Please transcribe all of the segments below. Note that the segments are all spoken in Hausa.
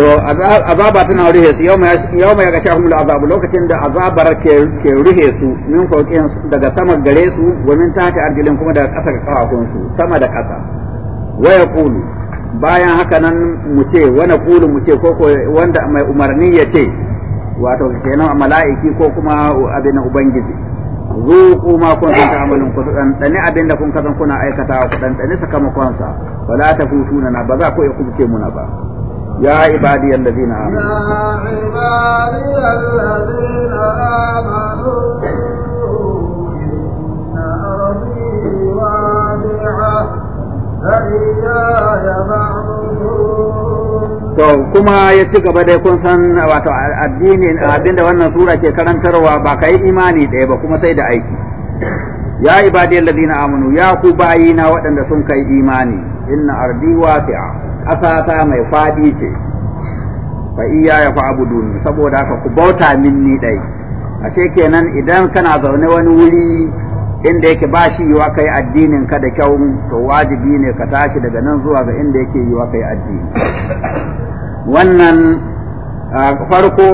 to azaba tana rihe su yau mai gasha hun azabu lokacin da azabar ke ruhe su min fokin daga sama gare su gomin ta ta arjilin kuma daga ƙasa kawakun su sama da ƙasa waya kulu bayan haka nan mu ce wani kulu mu ce koko wanda mai umarni ya ce wato kenan mala'iki ko kuma abin ubangiji zuku ma kun san ta'amalin ku dan dani abin da kun kasan kuna aikata ku dan dani sakamakonsa wala futuna na ba za ku yi kubce muna ba يا عبادي الذين آمنوا يا عبادي الذين آمنوا إن أرضي واسعة فإياي To kuma ya ci gaba dai kun san wato addini abinda wannan sura ke karantarwa ba ka yi imani ɗaya ba kuma sai da aiki. Ya ibadiyar ladina Aminu, ya ku bayina waɗanda sun kai imani inna ardi wasi'a ƙasa mai faɗi ce fa iya ya fa duni saboda haka ku bauta min ni dai ce kenan idan kana zaune wani wuri inda yake ba shi yiwa kai addinin ka da kyau to wajibi ne ka tashi daga nan zuwa ga inda yake yiwa kai addini wannan farko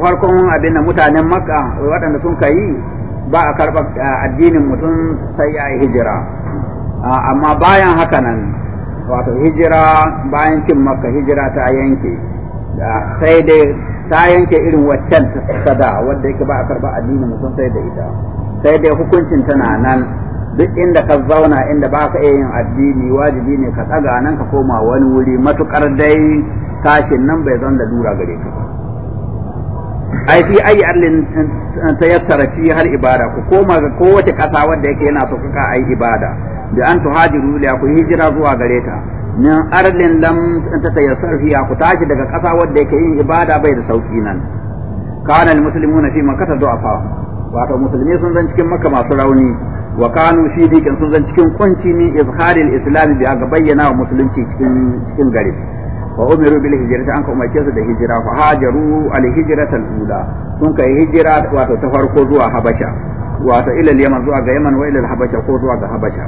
farkon abin da mutanen makka waɗanda sun kai ba a karɓar addinin mutum sai ya hijira amma bayan haka nan wato hijira bayan cin makka hijira ta yanke sai dai ta yanke irin waccan ta sada wadda yake ba a karba addinin mutum sai da ita sai dai hukuncin tana nan duk inda ka zauna inda ba ka yin addini wajibi ne ka tsaga nan ka koma wani wuri matukar dai tashin nan bai zan da dura gare ka ai fi ayi allin eh, tayassara fi har ibada ku koma ga kowace kasa wadda yake yana so ka ai ibada bi an tuhajiru la ku hijira zuwa gare ta min arlin lam tatayassar fiha ku tashi daga ƙasa wadda yake yin ibada bai da sauki nan kana almuslimuna fi makkah du'afa wato musulmi sun zan cikin makka masu rauni wa kanu fi dikin sun zan cikin kunci min izharil islam bi ga bayyana wa musulunci cikin cikin gari wa umiru bil hijrati an ka umarce su da hijira fa hajaru al hijrata al ula sun kai hijira wato ta farko zuwa habasha wato ila al yaman zuwa ga yaman wa ila al habasha ko zuwa ga habasha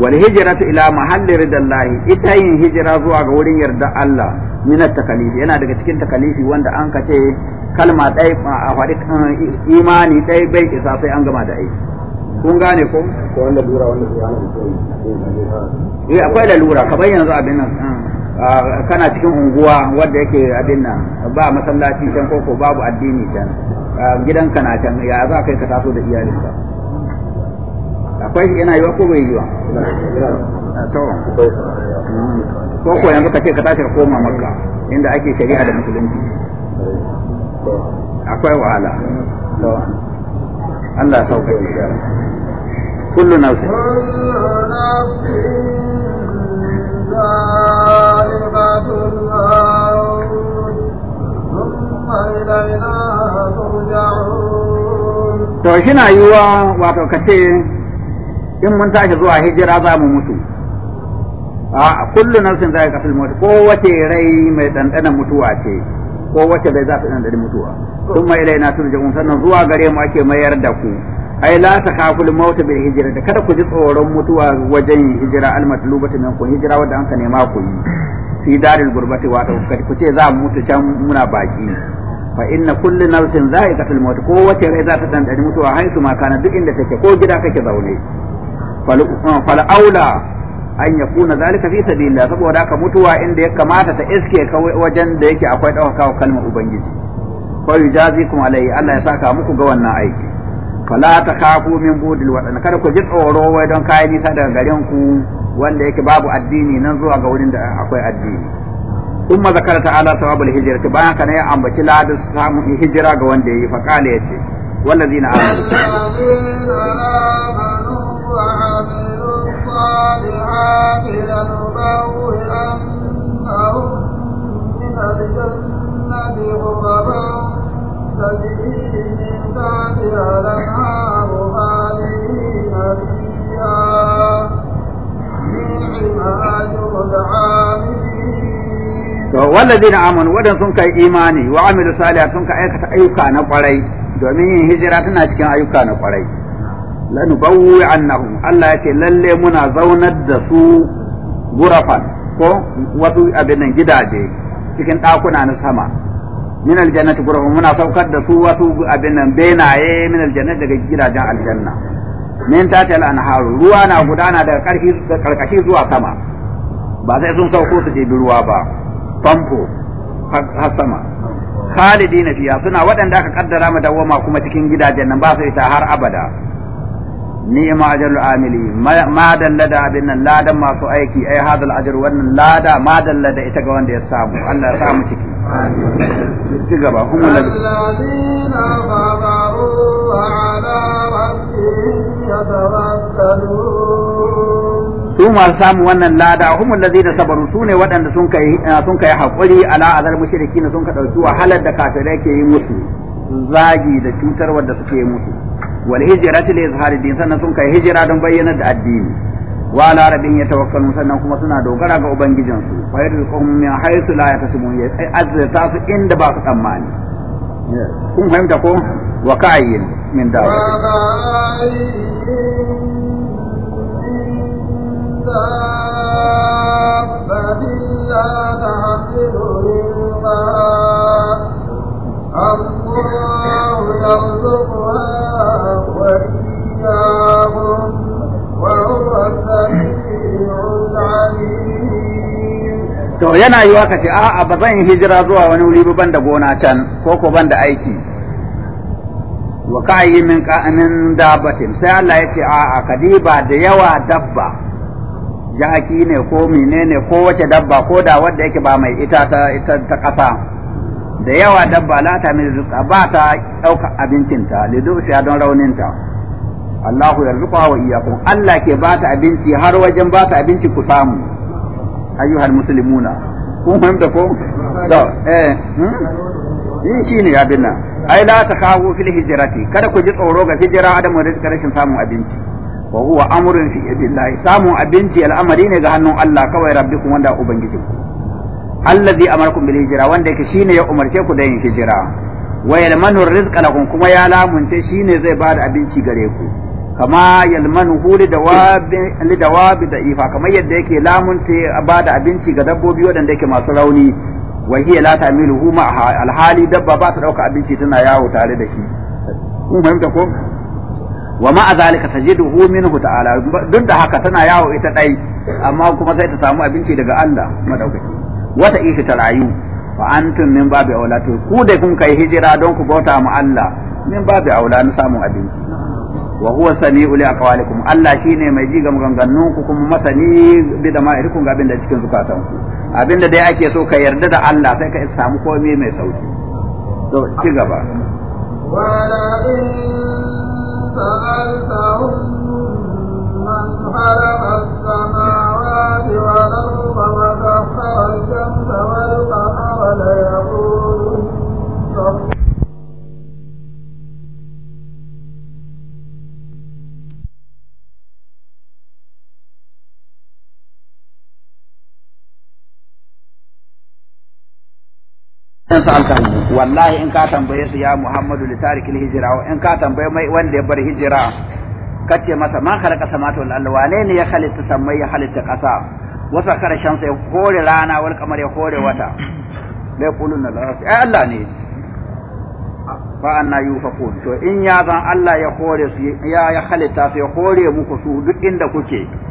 wal hijratu ila mahalli ridallahi ita yin hijira zuwa ga wurin yarda Allah min takalifi yana daga cikin takalifi wanda an ka ce kalma ɗaya a faɗi imani ɗaya bai isa sai an gama da aiki kun gane ko wanda lura wanda eh akwai lalura bayyana zuwa abin nan kana cikin unguwa wanda yake abin nan ba masallaci can koko babu addini can gidanka na can ya za ka kai ka taso da iyalinka akwai shi yana wa ko bai yiwa to ko ko yanzu kace ka tashi ka koma makka inda ake shari'a da musulunci akwai wahala Allah ya sauke kullu nafsin To shi na yiwa wato ka ce. in mun tashi zuwa hijira za mu mutu a kullu nafsin za ka fil mutu ko wace rai mai dandanan mutuwa ce ko wace rai za ta dandana mutuwa kuma ilaina turja'un sannan zuwa gare mu ake mayar da ku ai la kafin maut bil hijira. da kada ku ji tsoron mutuwa wajen hijira al matlubati min ku hijira wanda an ka nema ku yi fi daril gurbati wa ku ce za mu mutu can muna baki fa inna kullu nafsin za'iqatul maut ko wace rai za ta dandani mutuwa haisu ma kana duk inda take ko gida kake zaune fal'aula uh, an ya kuna zalika fi sabilla saboda haka mutuwa inda ya kamata ta iske wajen da yake akwai ɗaukawa kalmar ubangiji ko yujazikum alayhi Allah ya saka muku ga wannan aiki fala kafu min budil kada ku ji tsoro wai don kayan nisa daga garin ku wanda yake babu addini nan zuwa ga wurin da akwai addini ta ala ثم ذكر تعالى ya ambaci ladis كان يأمبتي ga wanda هجرة fa دي فقال يتي والذين آمنوا لنبوئنهم من الجنة غربا تجري من تحتها الأنهار خالدين فيها نعم أجر العاملين to wallazina amanu wadan sun kai imani wa amilu salihat aikata ayyuka na kwarai domin yin hijira tana cikin ayyuka na kwarai annahum Allah ya ce lalle muna zaunar da su gurafan ko wasu abin nan gidaje cikin ɗakuna na sama min aljannati gurafan muna saukar da su wasu abin nan benaye min aljannati daga gidajen aljanna min tatal anharu ruwa na gudana daga ƙarshi da karkashi zuwa sama ba sai sun sauko su je ruwa ba famfo har sama khalidina fiya suna waɗanda aka kaddara mu dawoma kuma cikin gidajen nan ba su ita har abada Ni ma ajrul amili ma dallada da abin nan ladan masu aiki ai hadal ajr wannan lada ma dallada ita ga wanda ya samu Allah ya samu ciki ci gaba kuma ala rabbihim su masu samu wannan lada humul ladina sabaru su ne waɗanda sun kai eh, sun kai hakuri ala azal mushrikin sun ka dauki wahalar da kafirai ke yi musu zagi da cutarwar da suke yi musu wal hijrati li izhari din sannan sun kai hijira don bayyana da addini wa la rabbin yatawakkalun sannan kuma suna dogara ga ubangijin su fa yarzuqum min haythu la yahtasibun ya azza su inda ba su tsammani kun fahimta ko wa ka'ayyin min da'wa الله الله to yana yiwa ka ce a'a ba zan hijira zuwa wani wuri ba da gona can ko ko ban da aiki wa min min dabbatin sai Allah ya ce a'a kadiba da yawa dabba jaki ne ko menene ko wace dabba ko da wanda yake ba mai ita ta ita ta kasa da yawa dabba la ta min rizqa ba ta dauka ta lidushiya don raunin ta Allahu yarzuqa wa iyyakum Allah ke ba ta abinci har wajen ba ta abinci ku samu ayyuhal muslimuna kun fahimta ko da eh yin shine ya binna. ai la takhawu fil hijrati kada ku ji tsoro ga hijira adamu da rashin samun abinci wa huwa amrun fi yadillahi samun abinci al'amari ne ga hannun Allah kawai rabbikum wanda ku allazi amarakum bil hijra wanda yake shine ya umarce ku da yin hijira wa yalmanu rizqa lakum kuma ya lamunce shine zai bada abinci gare ku kama yalmanuhu li dawabi da'ifa kamar yadda yake lamunta ba da abinci ga dabbobi waɗanda yake masu rauni wa hiya la ta'miluhu ma alhali dabba ba ta dauka abinci tana yawo tare da shi kun fahimta ko wa ma azalika tajiduhu minhu ta'ala duk da haka tana yawo ita dai amma kuma sai ta samu abinci daga Allah madaukaki wata ishi ta rayu fa antum min babi aula ku da kun kai hijira don ku bauta mu Allah min babi aula na samun abinci wa huwa sami'u li aqwalikum Allah shine mai ji ga maganganun ku kuma masani bi da ma'irkum ga abin da cikin zukatan ku abinda dai ake so ka yarda da Allah sai ka samu komai mai sauki to ci gaba wala in sa'altahum man as-samawati wa sakhara al-jam'a wal qamara in su alkalmi wallahi in ka tambaye su ya muhammadu li tarikil hijira in ka tambaye mai wanda ya bar hijira kace masa ma khalaqa samawati wal ardi wane ne ya halitta samai ya halitta kasa wasa kare shamsa ya kore rana wal kamar ya kore wata mai kulun na larabci ai Allah ne fa anna yufakun to in ya zan Allah ya kore su ya halitta su ya kore muku su duk inda kuke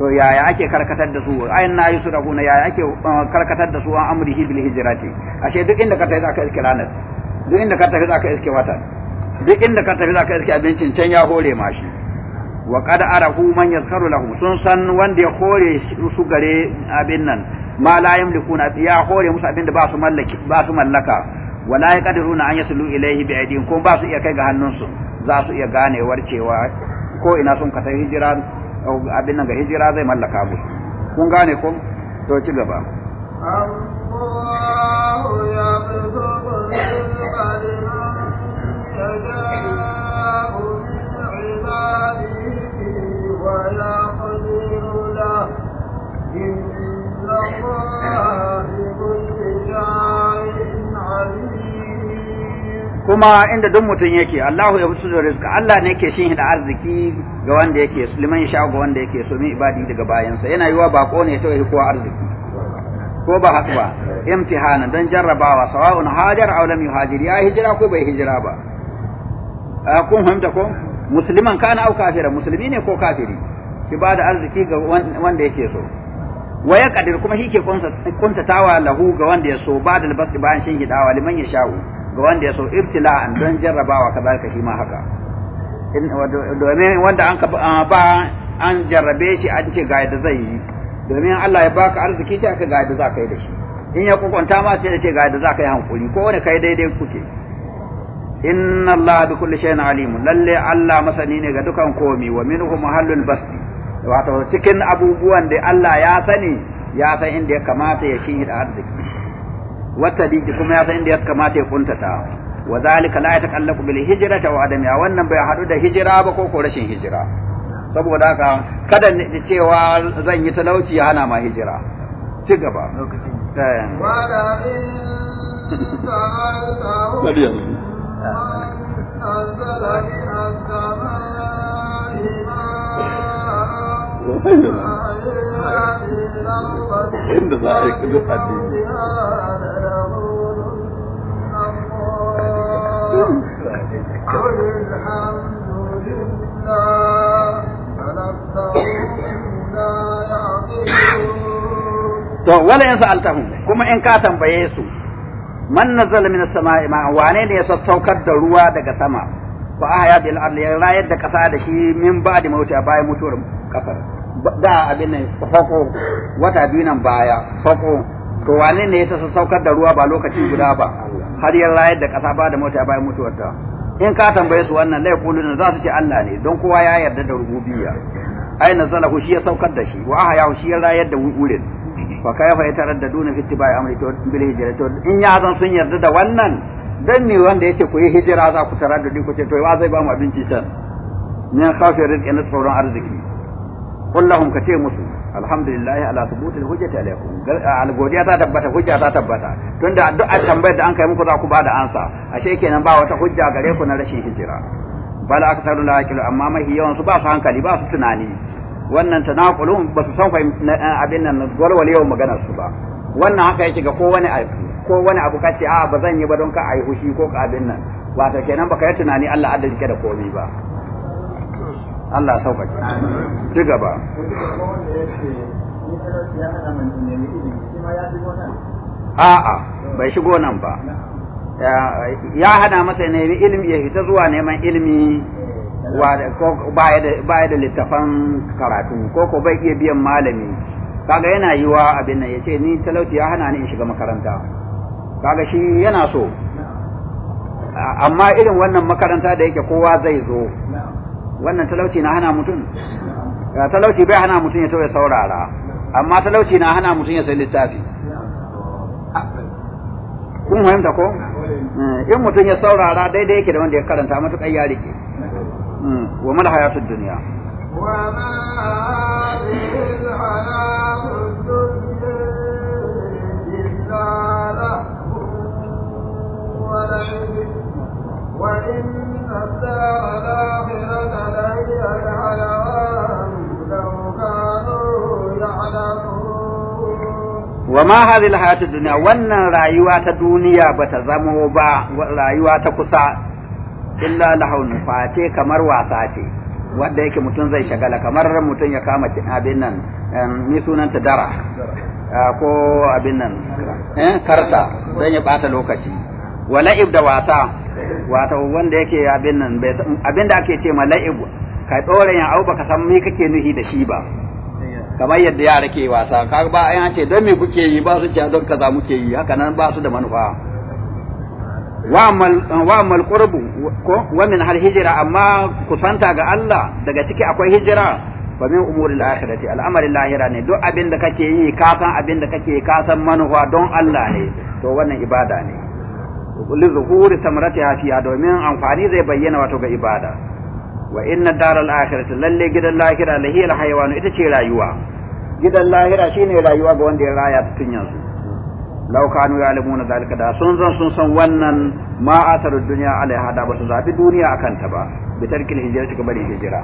to yaya ake karkatar da su ayin na yi su da guna yaya ake uh, karkatar da su an amrihi bil hijrati ashe duk inda ka tafi ka iske ranar duk inda ka tafi ka iske wata duk inda ka tafi ka iske abincin can ya hore ma shi wa qad arahu man yazkaru lahu sun san wanda ya hore su gare abin nan ma la yamlikuna ya hore musu abin da ba su mallaki ba su mallaka wala yaqdiruna an yaslu ilayhi bi aidin ko ba su iya kai ga hannunsu za su iya ganewar cewa ko ina sun ka tafi hijira abin nan ga hijira zai mallaka mu kun gane ko to ci gaba الله kuma inda duk mutum yake Allahu ya fitu da rizka Allah ne yake shin da arziki ga wanda yake so liman sha ga wanda yake so min ibadi daga bayansa yana yiwa bako ne ta yi kowa arziki ko ba haka ba imtihana dan jarrabawa sawa'un hajar aw lam yuhajir ya hijira ko bai hijira ba kun fahimta ko musliman kana au kafira musulmi ne ko kafiri Ki da arziki ga wanda yake so Waya kadir kuma shi ke kuntatawa lahu ga wanda ya so ba da albas bayan shin hidawa liman ya sha'u ga wanda ya so ibtila'an don jarrabawa kadalika shi ma haka domin wanda an ba an jarrabe shi an ce ga yadda zai yi domin Allah ya baka arziki ta ka ga yadda za ka yi da shi in ya kokonta ma sai ya ce ga yadda za ka yi hankuri ko wani kai daidai kuke inna Allah bi kulli shay'in alim lalle Allah masani ne ga dukan komi wa minhu mahallul basti wato cikin abubuwan da Allah ya sani ya san inda ya kamata ya shi da arziki wata diki kuma ya san inda ya kamata ya kuntata wa zalika la yataqallaqu bil ta wa adamiha wannan bai hadu da hijira ba ko ko rashin hijira saboda haka kada ne cewa zan yi talauci ya hana ma hijira ci gaba lokacin eh. inda za a yi kudu addini to wala yansa altahum kuma in ka tambaye su man nazala min as-sama'i ma wane ne ya sassaukar da ruwa daga sama fa ahya bil ardi rayar da kasa da shi min ba'di mauti a bayan mutuwar kasar da abin nan fako wata biyu nan baya fako to wane ne ya sassaukar da ruwa ba lokaci guda ba har ya rayar da ƙasa ba da mota bayan mutuwarta in ka tambaye su wannan la yaquluna za su ce Allah ne don kowa ya yarda da rububiyya ai nazalahu shi ya saukar da shi wa ya shi ya rayar da wurin fa kayfa yataraddaduna fi ittiba'i amri to bil hijra to in ya zan sun yarda da wannan dan ne wanda yake ku yi hijira za ku taraddadi ku ce to wa zai ba mu abinci can ne khafi rizqi na tsoron arziki kullahum ka ce musu alhamdulillah ala subutil hujjati alaikum al godiya ta tabbata hujja ta tabbata tunda duk tambayar da an kai muku za ku bada ansa ashe kenan ba wata hujja gare ku na rashin hijira bal aktharu la yaqilu amma mahi yawan su ba su hankali ba su tunani wannan tanaqulun ba su san abin nan walwal yau magana su ba wannan haka yake ga kowane abu ko wani abu kace a ba zan yi ba don ka ayi hushi ko ka abin nan wato kenan baka yi tunani Allah adalike da komai ba Allah sauƙaƙe ci gaba a'a bai shigo nan ba ya hana masa ya nemi ilimi ya hita zuwa neman ilimi ba ya da littafan karatu ko ko bai iya biyan malami kaga yana yi wa abin nan ya ce ni talauci ya hana ni in shiga makaranta kaga shi yana so amma irin wannan makaranta da yake kowa zai zo wannan talauci na hana mutum talauci bai hana mutum ya tawaye saurara amma talauci na hana mutum ya sai littafi kun fahimta ko eh, in mutum ya saurara daidai yake da wanda ya karanta matuƙar ya rike hmm, wa mal hayatun duniya wa ma وما هذه الحياة الدنيا وأن رايوة الدنيا بتزمو با رايوة كسا إلا لهون نفاتي كمر واساتي وديك yake mutum zai shagala kamar mutum ya kama abin nan ni sunanta dara ko abin nan karta don wato wanda yake abin nan abin da ake ce mala'ibu ka dore ya au baka san me kake nuhi da shi ba kamar yadda yara ke wasa ka ba an ce don me kuke yi ba su ci don kaza muke yi haka nan ba su da manufa wa amal qurbu ko wa min hal hijra amma kusanta ga Allah daga ciki akwai hijira ba min umuri al-akhirati al lahira ne duk abin da kake yi ka san abin da kake ka san manufa don Allah ne to wannan ibada ne li zuhuri samratiha hafiya domin amfani zai bayyana wato ga ibada wa inna daral akhirati lalle gidan lahira lahiya alhayawan ita ce rayuwa gidan lahira shine rayuwa ga wanda ya raya tun yanzu law kanu ya'lamuna zalika da sun zan sun san wannan ma atar dunya alaiha da ba su zabi duniya akan ta ba bi tarkil hijrati ga bari hijira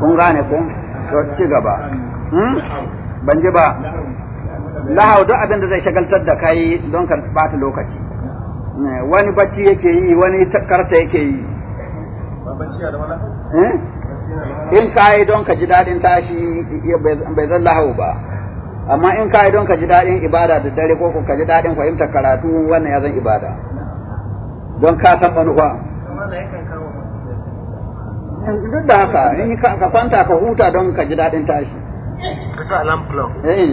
kun gane kun to ci gaba hmm? ban ji ba lahau duk abin da zai shagaltar da kai don ka bata lokaci Eh, wani bacci yake yi wani karta yake yi eh? in ka yi don ka ji daɗin tashi bai zan lahau ba amma in ka yi don ka ji daɗin ibada da dare ko ka ji daɗin fahimtar karatu wannan ya zan ibada don ka san manufa duk da haka in ka kwanta ka huta don ka ji daɗin tashi eh,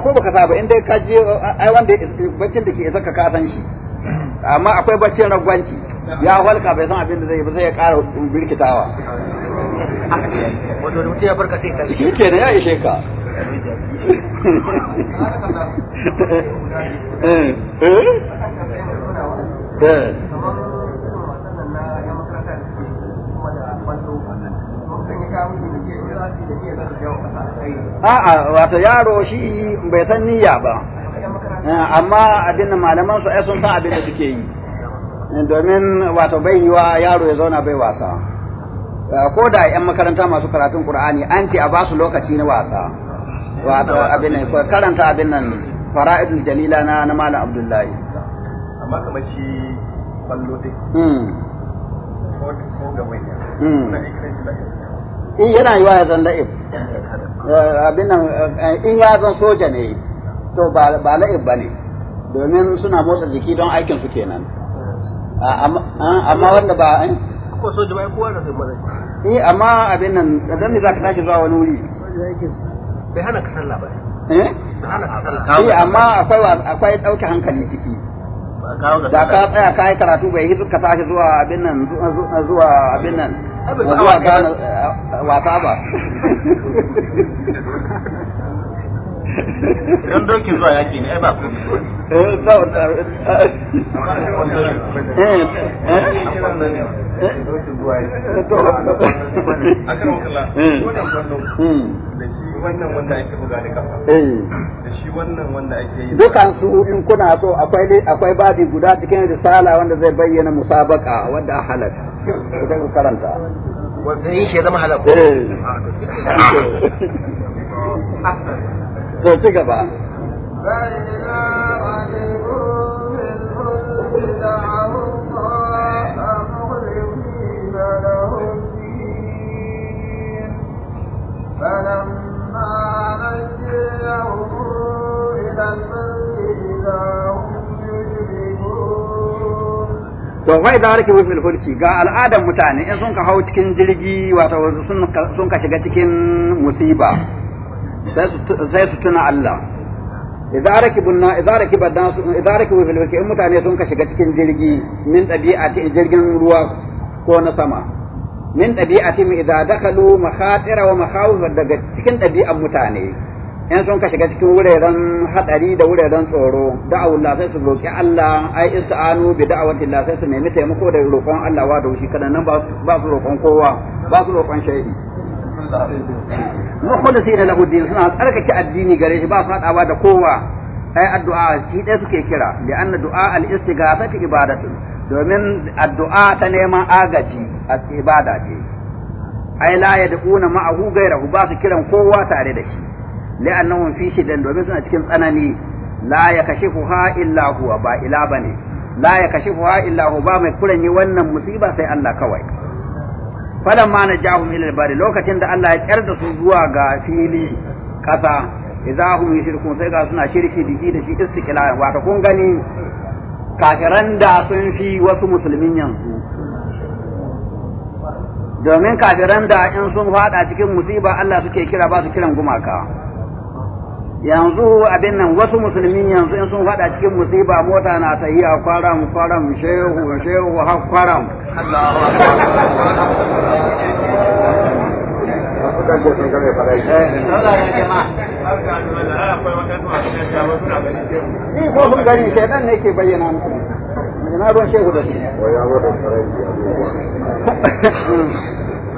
ko baka sa ba in dai ka je ai wanda baccin da ke isa ka kasan shi amma akwai baccin ragwanci ya halka bai san abin da zai yi ba zai ya ƙara birkitawa wato mutum ya farka sai tashi shi kenan ya ishe ka eh. Eh. A'a, wato yaro shi bai san niyya ba. Eh, amma abin da malaman su ai sun san abin da suke yi eh, domin wato bai wa yaro ya zauna bai wasa eh, ko da yan makaranta masu karatun qur'ani an ce a ba su lokaci na wasa wato abin nan karanta abin nan fara'idul jalila na na malam abdullahi amma kamar shi kwallo dai hmm. ko in hmm. yana yi wa ya zan da'if abin nan in ya zan soja ne to ba la'ib ba ne domin suna motsa jiki don aikin su kenan amma wanda ba a yi da amma abin nan dan ne ka tashi zuwa wani wuri bai hana ka sallah ba eh, eh amma akwai akwai hankali ciki da ka tsaya ka yi karatu bai hizu ka tashi zuwa abin nan zuwa abin nan zuwa gane wata ba eh, don dokin zuwa yaki ne ba ku dukan su in kuna so akwai akwai babi guda cikin risala wanda zai bayyana musabaka wanda halaka ita ku karanta wanda yin shi zama halaka eh. ah, to ci gaba to wai da rake wufin fulki ga al'adar mutane in sun ka hau cikin jirgi wato sun ka shiga cikin musiba sai su tuna Allah idza rakibun idza rakiba dan idza in mutane sun ka shiga cikin jirgi min ta jirgin ruwa ko na sama min tabi'ati idza dakalu mahatira wa makhawif daga cikin tabi'an mutane in sun ka shiga cikin wuraren hadari da wuraren tsoro da'awu Allah sai su roki Allah ai ista'anu bi da'awati Allah sai su nemi taimako da roƙon Allah wa da wushi kada nan ba su roƙon kowa ba su roƙon shaidi mukhlisina lahu din suna tsarkake addini gare shi ba fadawa da kowa ai addu'a shi dai suke kira li anna du'a al istighathati ibadatun domin addu'a ta neman agaji a ibada ce ai la yad'una ma'ahu ghayrahu ba su kiran kowa tare da shi li'annahum fi shidan domin suna cikin tsanani la yakashifuha illa huwa ba ila bane la yakashifuha illa huwa ba mai kuranyi wannan musiba sai Allah kawai falan ma na jahum ila bari lokacin da Allah ya kyar da su zuwa ga fili kasa idza hum yushrikun sai ga suna shirki biki da shi istiqlal wato kun gani kafiran da sun fi wasu musulmin yanzu domin kafiran da in sun fada cikin musiba Allah suke kira ba su kiran gumaka yanzu abin nan wasu musulmi yanzu in sun fada cikin musiba mota na ta yi a kwaram kwaram shehu shehu ha kwaram Ni ko sun gani shaidan ne ke bayyana Ina don shehu da su.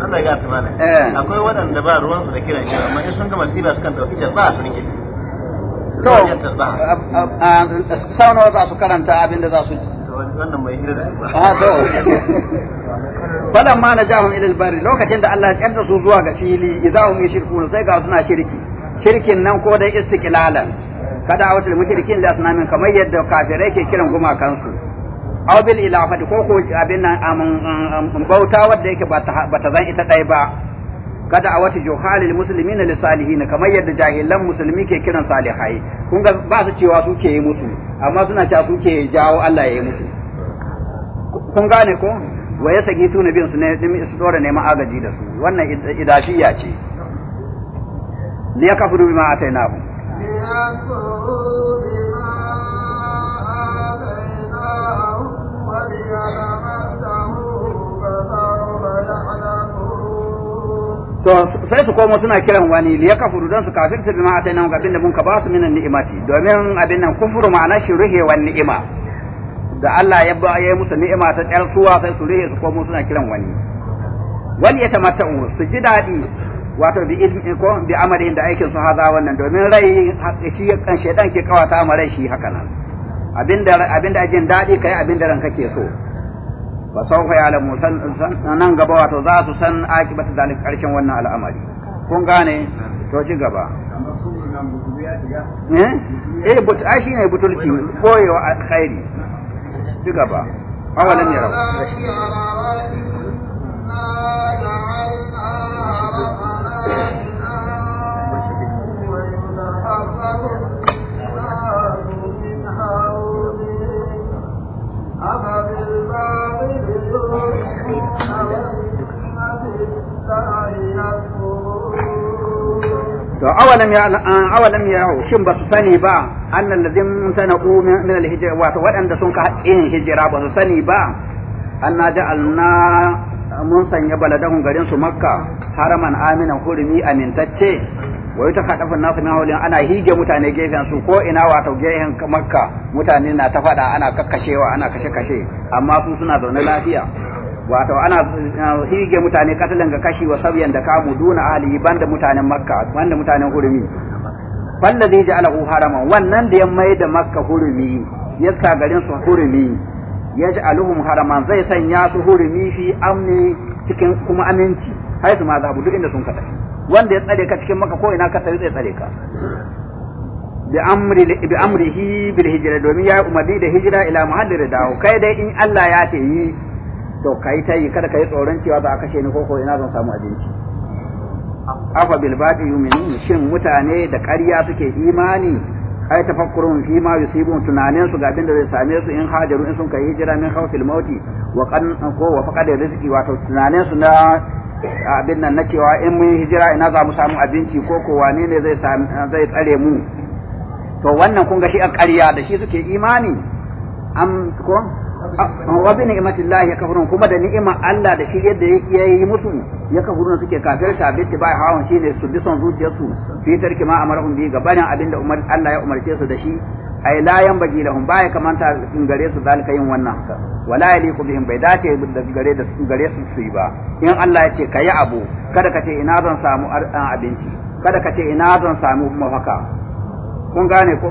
Allah ya gata mana. Eh. Akwai waɗanda ba ruwansu da kiran shi amma in sun ga masifa sukan ɗauki a sun gidi. to sau nawa za su karanta abin da za su ji wannan mai hira da ba a ah, to balan ma najahum lokacin da Allah ya kanta su zuwa ga fili idahum yushrikuna sai ga suna shirki shirkin nan ko dai istiqlalan kada awatul mushrikin da asnamin kamar yadda kafirai ke kiran gumakansu aw bil ilafati ko ko abin nan bauta wanda yake ba ta zan ita dai ba kada a wata juhalil na lissalihi na kamar yadda jahilan musulmi ke kiran salihai kun ga ba su cewa su ke yi mutu amma suna cewa su ke jawo Allah ya yi mutu kun gane ko wa ya saki su biyan su ne su dora neman agaji da su wannan idashiya ce ne ya ma a taina ya to sai su komo suna kiran wani li kafuru dan su kafirta bima asaina ga abinda mun ka ba su minan ni'imati domin abin nan kufuru ma'ana shi ruhe wan ni'ima da Allah ya ba ya musu ni'ima ta tsarsuwa sai su rihe su komo suna kiran wani wal yatamatta'u su ji dadi wato bi ilmi ko bi amali da aikin su haza wannan domin rai shi kan shedan ke kawata amarai shi haka nan abinda abinda ajin dadi kai abinda ranka kake so fa sawfa ya'lamu nan gaba wato za su san akibata dalik karshen wannan al'amari kun gane to ci gaba eh, eh but ai shine butulci boyewa alkhairi ci gaba awalan yarau to awalam ya ah, awalam ya shin ba su sani ba annal ladin sanaqu min al hijra wato waɗanda sun ka yin hijira ba su sani ba anna ja'alna ah, mun sanya baladan garin su makka haraman aminan hurumi amintacce wa yuta khadafa nasu na hawlin ana hige mutane gefen su ko ina wato gehen makka mutane na ta fada ana kakkashewa ana kashe kashe amma su suna zaune lafiya wato ana hige mutane katalan ga kashi wa sabiyan da kamu duna ahli banda mutanen makka banda mutanen hurumi wallazi ja'alahu harama wannan da ya mai da makka hurumi ya sa garin su hurumi ya ja'aluhum haraman zai sanya su hurumi fi amni cikin kuma aminci har su ma zabu duk inda sun kada wanda ya tsare ka cikin makka ko ina ka tsare zai tsare ka bi amri bi amrihi bil hijra domin ya umarni da hijra ila muhallir dawo kai dai in Allah ya ce yi to kai ta yi kada kai tsoron cewa za a kashe ni koko ina zan samu abinci afa bil yu'minun shin mutane da ƙarya suke imani ai tafakkurun fi ma yusibun tunanin su ga abin da zai same su in hajaru in sun kai hijira min khawfil mauti wa qan ko wa faqad rizqi wa tunanin su na abin nan na cewa in mun hijira ina za mu samu abinci ko ko wane ne zai zai tsare mu to wannan kun ga shi a ƙarya da shi suke imani am ko Ah, wa bi ni'matillahi yakfurun kuma da ni'ima Allah da shi yadda yake yayi musu yakfurun suke kafirta bi bai hawan shine su bi son zuciyarsu fi tarki ma amarahum bi gabanin da umar Allah ya umarce su da shi ai la yanbaghi lahum bai kamanta in gare su zalika yin wannan wala yaliqu bihim bai dace da gare da su gare su su yi ba in Allah ya ce kai abu kada ka ce ina zan samu abinci kada ka ce ina zan samu mafaka kun gane ko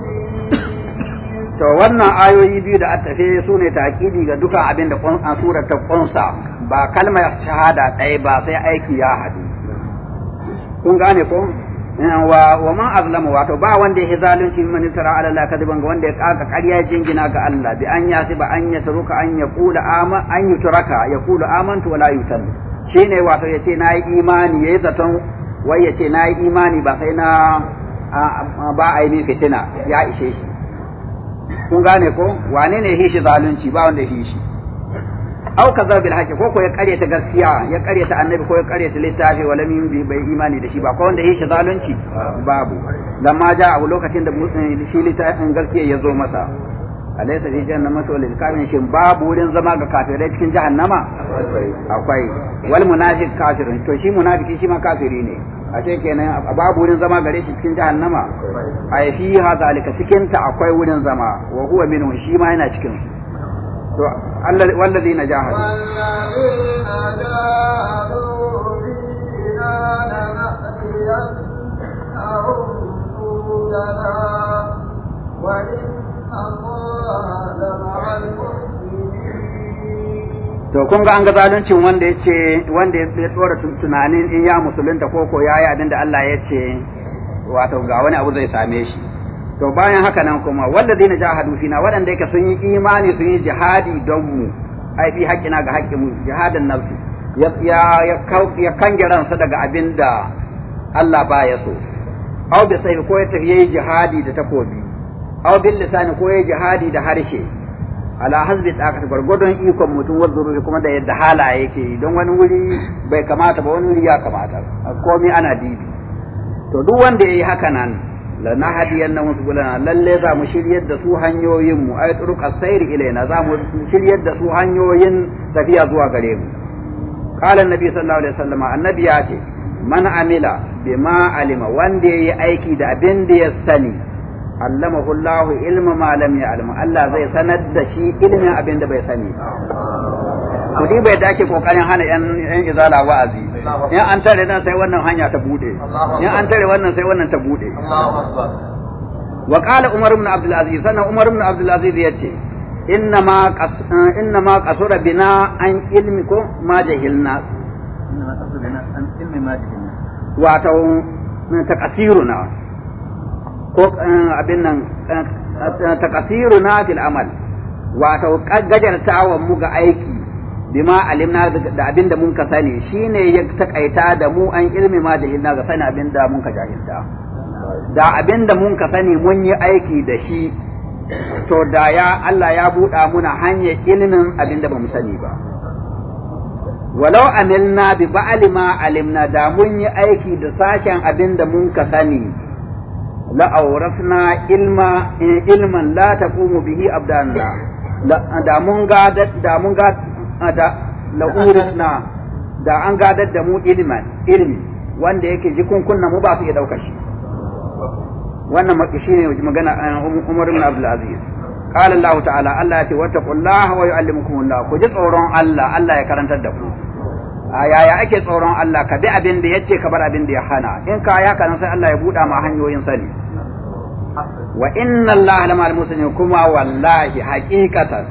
to wannan ayoyi biyu da aka tafe su ne taƙidi ga duka abin da an surar ta kunsa ba kalmar shahada ɗaya ba sai aiki ya haɗu kun gane ko eh, wa wa man azlamu wato ba wanda yake zalunci man tara ala la kadiban ga wanda ya kaka ƙarya jingina ga Allah bi an yasi ba an yatruka an yaqula ama an yutraka yaqulu amantu wala yutan shine wato yace nayi imani yayi zaton wai yace nayi imani ba sai na ba a yi min fitina ya ishe shi kun gane ko wane ne hishi zalunci ba wanda hishi au ka bil haqi ko ko ya karyata gaskiya ya karyata annabi ko ya karyata littafi wala min bi bai imani da shi ba ko wanda hishi zalunci babu lamma ja a lokacin da eh, shi littafin gaskiya ya zo masa alaysa fi jannatin wal kafirin shin babu wurin zama ga kafirai cikin jahannama akwai wal munafiq kafirin to shi munafiki shi ma kafiri ne a ce kenan babu wurin zama gare shi cikin jahannama a fi zalika cikin ta akwai wurin zama wa huwa minhu shi ma yana cikin su to wallazi na jahadu to kun ga an ga zaluncin wanda ya ce wanda ya dora tunanin in ya musulunta ko ko yayi abin da Allah ya ce wato ga wani abu zai same shi to bayan haka nan kuma walladina jahadu fina waɗanda yake sun yi imani sun yi jihadi don mu ai fi haƙƙina ga haƙƙin mu jihadin nafsi ya ya kange ransa daga abin da Allah ba ya so au bi sai ko ya tafi yayi jihadi da takobi au bil lisani ko yayi jihadi da harshe ala hasbi bar gwargwadon ikon mutum wanda kuma da yadda halaye yake yi don wani wuri bai kamata ba wani wuri ya kamata komai ana dibi to duk wanda yayi haka nan la nahadi nan su lalle za mu shiryar da su hanyoyin mu ay turuqa sayr ilaina za mu shiryar da su hanyoyin tafiya zuwa gare mu qala annabi sallallahu alaihi wasallam annabi ya ce man amila bima alima wanda yayi aiki da abin da ya sani allamahu Allahu ilmi ma lam ya'lam Allah zai sanar da shi ilmin abin da bai sani ku dai bai dace kokarin hana yan yan izala wa'azi in an tare nan sai wannan hanya ta bude in an tare wannan sai wannan ta bude wa qala umar ibn abdul aziz sanan umar ibn abdul aziz yace innama innama qasura bina an ilmi ko ma jahilna wato ta kasiruna ko eh, abin nan eh, na fil amal wato gajartawan mu ga aiki bima alimna da abin da mun ka sani shine ya takaita da mu an ilmi ma da ilna ga sani abin da mun ka jahilta da abin da mun ka sani mun yi aiki da shi to da ya Allah ya buɗa muna hanyar ilimin abin da bamu sani ba walau amilna bi ba'alima alimna da mun yi aiki da sashen abin da mun ka sani la'aurasna ilma ilman la taqumu bihi abdanna da mun ga da mun ga da da an gadar da mu ilman ilmi wanda yake jikunkunna mu ba su iya daukar shi wannan shi ne magana eh, um, Umar ibn Abdul Aziz qala Allah ta'ala Allah ya ce wattaqullaha wa yu'allimukumullah ku ji tsoron Allah Allah ya karantar da ku yaya ake tsoron Allah ka bi abin da yace ka bar abin da ya hana in ka ya kana sai Allah ya buɗa ma hanyoyin sani wa inna allaha lama al-muslimin kuma wallahi haqiqatan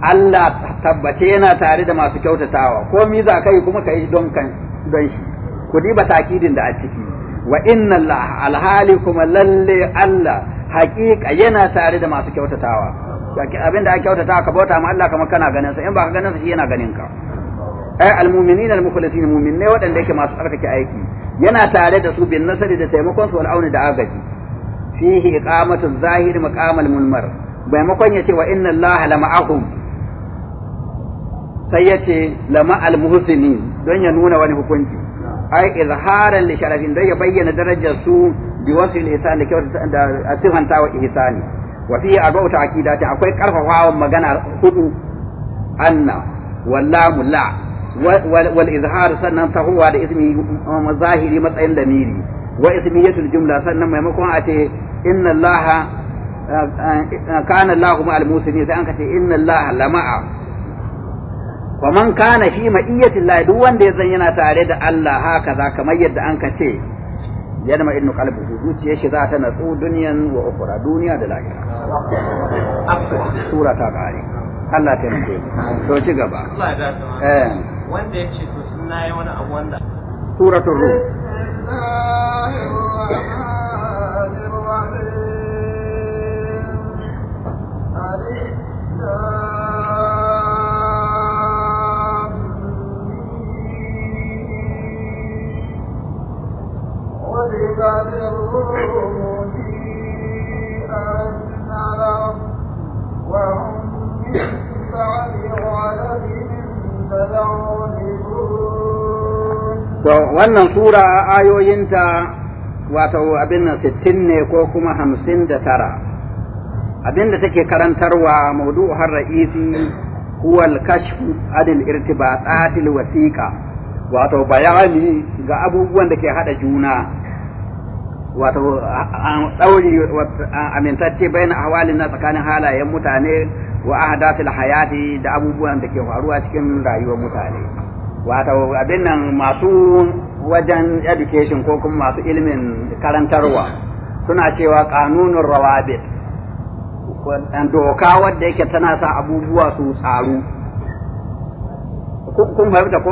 Allah tabbace yana tare da masu kyautatawa ko mi za kai kuma kai don kan don shi ku diba takidin da a ciki wa inna allaha alhali kuma lalle Allah haqiqa yana tare da masu kyautatawa abin da ake kyautatawa ka bauta ma Allah kamar kana ganin sa in ba ka ganin sa shi yana ganin ka ai almu'minina almukhlisin mu'minai waɗanda yake masu tsarkake aiki yana tare da su bin nasari da taimakon su wal auni da agaji fihi iqamatu zahir maqamal munmar bai makon yace wa inna allaha la ma'ahum sai yace la ma'al don ya nuna wani hukunci ai izharan li sharafin ya bayyana darajar su bi wasil ihsan da kyauta da asifanta wa ihsani wa fihi arba'u ta'kidati akwai karfafawa magana hudu anna wallahu la wal izhar sannan tahuwa da ismi um, zahiri matsayin lamiri wa ismiyatul jumla sannan maimakon a ce inna allaha kana allahu ma'al muslimin sai an kace inna allaha lama'a wa man kana fi ma'iyyati allahi duk wanda ya zan yana tare da Allah haka za kamar yadda an kace yana ma innu qalbu zuciyar shi za ta natsu duniyan wa ukhra duniya da lahira sura ta kare Allah ta nake to ci gaba eh wanda ya ce to sun nayi wani abu wanda suratul rum wannan sura ayoyinta wato abin nan sittin ne ko kuma hamsin da tara abinda take karantarwa maudu' har ra'isi huwa al-kashfu adil irtibatatil wasiqa wato bayani ga abubuwan da ke hada juna wato dauri amintacce bayan ahwalin na tsakanin halayen mutane wa ahdathil hayati da abubuwan da ke faruwa cikin rayuwar mutane wato abin nan masu wajen education ko kuma masu ilimin karantarwa suna cewa kanunun rawabit doka wadda yake tana sa abubuwa su tsaru kun fahimta ko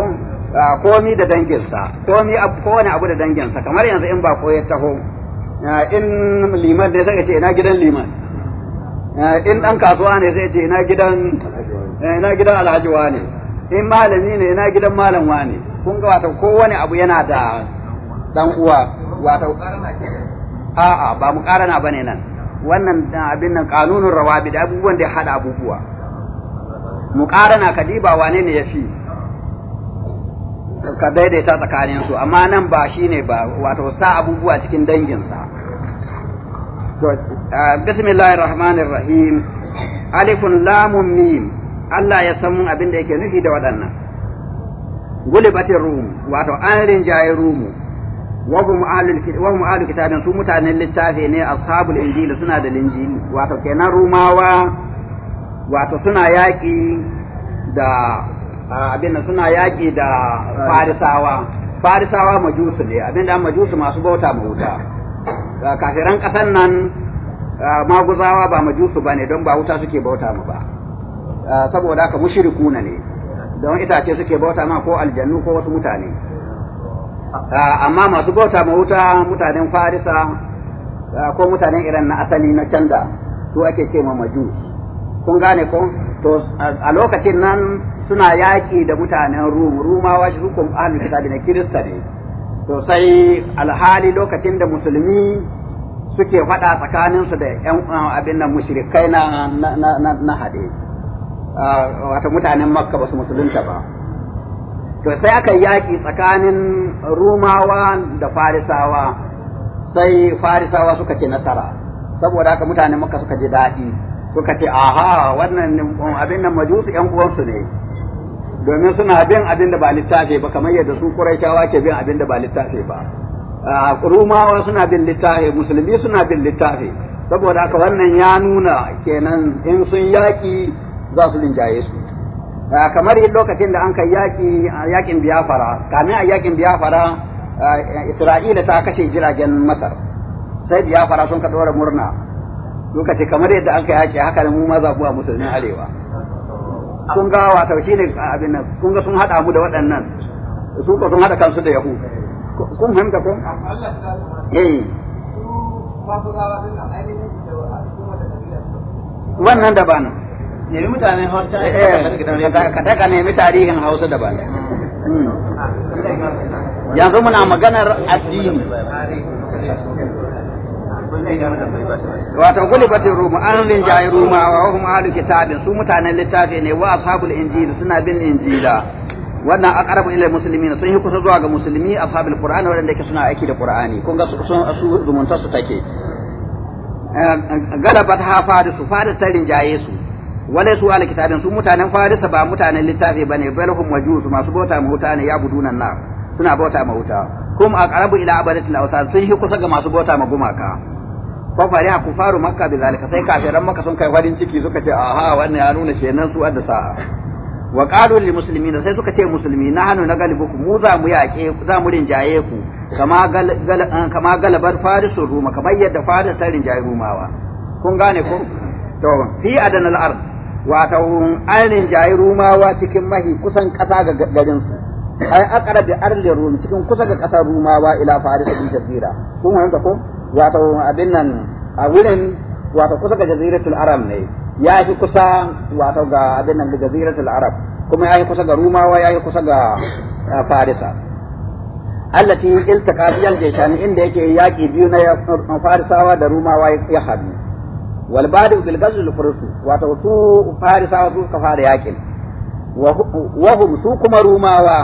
ah, komi da danginsa komi kowane abu da danginsa kamar yanzu in ba ya taho ah, in liman ne sai ce ina gidan liman ah, in dan kasuwa ne sai ce ina gidan eh, ina gidan alhaji ne in malami ne ina gidan malam ne kun ga wato kowane abu yana da dan uwa wato a'a ba mu karana bane nan wannan abin nan kanunin rawabi da abubuwan da ya hada abubuwa muqarana kadiba wane ne yafi ka daidaita tsakanin su amma nan ba shine ba wato sa abubuwa cikin dangin sa to bismillahir rahmanir rahim alifun lamun mim Allah ya san abin da yake nufi da waɗannan gulibatir rum wato an rinjaye rumu wahum ahlul wahum ahlul kitabin su mutanen littafi ne ashabul injil suna da linjili wato kenan rumawa wato suna yaki da abin da suna yaki da farisawa farisawa majusu ne abin da majusu masu bauta bauta kafiran kasan nan maguzawa ba majusu bane don ba wuta suke bauta ma ba saboda haka mushriku ne don itace suke bauta ma ko aljannu ko wasu mutane Ah, amma masu bauta ma wuta mutanen farisa ah, ko mutanen irin na asali na canda to ake ce ma majus kun gane ko to a lokacin nan suna yaƙi da mutanen rum rumawa shi hukum ahlul da na kirista ne to sai alhali lokacin da musulmi suke faɗa tsakaninsu da yan ah, abin nan mushrikai na na na, hade wato mutanen makka ba su musulunta ba to sai aka yaƙi tsakanin rumawa da farisawa sai farisawa suka ce nasara saboda haka mutane maka suka ji daɗi suka ce aha wannan abin nan majusu ƴan uwansu ne domin suna bin abin da ba littafi ba kamar yadda su Qurayshawa ke bin abin da ba littafi ba rumawa suna bin littafi musulmi suna bin littafi saboda haka wannan ya nuna kenan in sun yaƙi za su linjaye su Ah, kamar lokacin da an kai yaki ah, yakin biyafara kamin a yakin biyafara ah, isra'ila ta kashe jiragen masar sai biyafara sun ka dora murna lokaci kamar yadda an kai yaki haka mu maza buwa musulmin arewa kun ga wato ne abin nan kun ga sun hada mu da waɗannan su ko sun hada kansu da yahu kun fahimta ko eh wannan da bana nemi mutane hausa eh, ka daga nemi tarihin hausa daban hmm. hmm. ah, yanzu muna maganar addini wato gulibatin rumu an jayi ruma wa hum ahlu kitabin su mutanen littafi ne wa ashabul injil suna bin injila wannan aqrabu ila muslimin sun yi kusa zuwa ga musulmi ashabul qur'an wanda yake suna aiki da qur'ani kun ga su zumunta su take eh, galabat ha farisu faris ta jaye su wala su ala kitabin su mutanen farisa ba mutanen littafi bane bal wa majus masu bauta ma wuta ne yabuduna nar suna bauta ma wuta kum aqrabu ila abadatil awsan sun shi kusa ga masu bauta ma gumaka fa fari ha kufaru makka bi zalika sai kafiran makka sun kai farin ciki suka ce aha wannan ya nuna kenan su adda sa'a wa qalu lil muslimin sai suka ce musulmi na hanu na galibu mu za mu yaƙe za mu rinjaye ku kama eh, kama galabar farisu ruma kamar yadda faris ta rinjaye rumawa kun gane ko to fi adanal ard wato ainihin jayi rumawa cikin mahi kusan ƙasa ga garin su ai akara da arle rum cikin kusa ga ƙasar rumawa ila farisa jazira kun ko wato abin nan a wurin wato kusa ga jaziratul arab ne ya kusa wato ga abin nan ga jaziratul arab kuma ya yi kusa ga rumawa ya yi kusa ga farisa allati iltaqa inda yake yaki biyu na farisawa da rumawa ya hadu wal badu bil gazl al wato su farisawa su ka fara yakin wa hum su kuma rumawa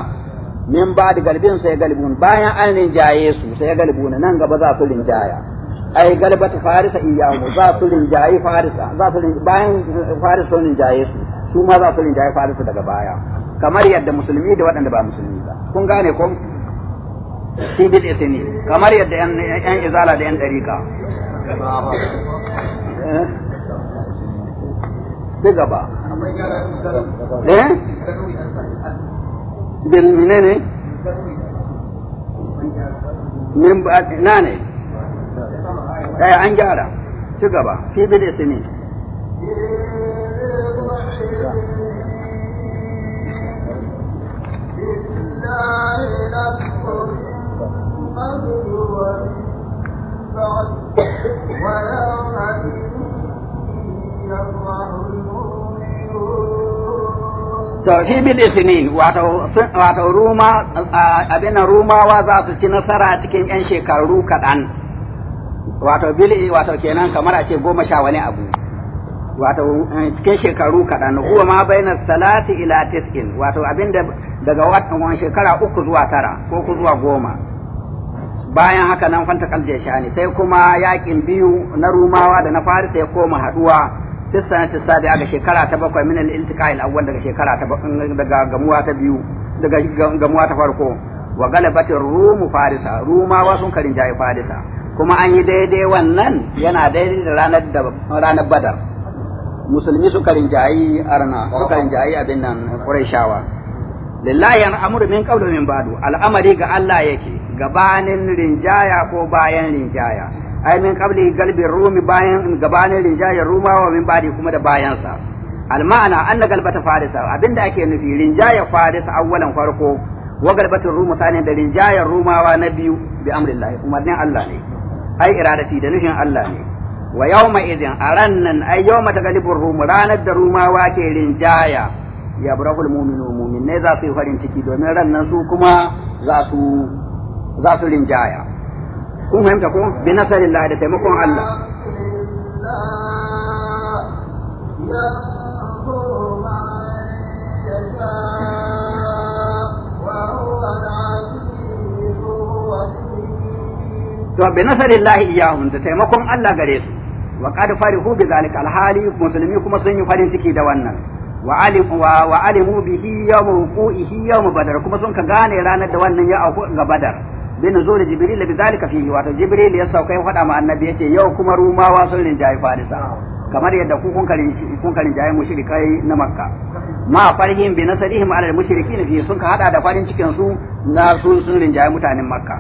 min ba da galbin sai galibun bayan an rinjaye su sai galibun nan gaba za su rinjaya ai galbata farisa iyamu za su rinjaye farisa za su bayan farisa sun rinjaye su su ma za su rinjaye farisa daga baya kamar yadda musulmi da waɗanda ba musulmi ba kun gane ko tibil isini kamar yadda yan izala da yan dariqa Eh? ci gaba eh bil menene min ba na ne eh an gyara ci gaba fi to fi bil wato wato ruma abin rumawa za su ci nasara cikin yan shekaru kaɗan wato bil wato kenan kamar a ce goma sha wani abu wato eh, cikin shekaru kaɗan huwa ma baina salati ila tis'in wato abin da daga watan shekara uku zuwa tara ko ku zuwa goma bayan haka nan fanta kalje shani sai kuma yakin biyu na rumawa da na farisa ya koma haduwa fi ta sabi'a ga shekara ta bakwai min al-iltiqa'il awwal daga shekara ta mm, daga gamuwa ta biyu daga gamuwa ta farko wa galabatir rum farisa rumawa sun karin jayi farisa kuma an yi daidai wannan yana daidai da ranar da ranar badar musulmi su karin jayi arna su karin jayi abin nan quraishawa lillahi an amru min qablu min ba'du al'amari ga Allah yake gabanin rinjaya ko bayan rinjaya ai min qabli galbin rumi bayan gabanin rinjayar rumawa min badi kuma da bayansa al-ma'ana anna galbata farisa abinda ake nufi rinjayar farisa awwalan farko wa galbatin rumu sani da rinjayar rumawa na biyu bi amrillahi umarnin Allah ne ai iradati da nufin Allah ne wa yawma idin arannan ai yawma galibin rumu ranar da rumawa ke rinjaya ya burahul mu'minu mu'min ne za su yi farin ciki domin ran nan su kuma za su za su rinjaya kun fahimta ko bi nasarillahi da taimakon Allah to bi nasarillahi iyahum da taimakon Allah gare su wa qad farihu bi zalika alhali musulmi kuma sun yi farin ciki da wannan wa alimu wa alimu bihi yawm wuqihi yawm badar kuma sun ka gane ranar da wannan ya auku ga badar bin zuwa jibril bi zalika fihi wato jibril ya sauka ya faɗa ma annabi yace yau kuma rumawa sun rinjaye farisa kamar yadda ku kun karin kun karin jaye mushrikai na makka ma farihin bi nasrihim ala al fi sun ka hada da farin cikin su na su sun rinjaye mutanen makka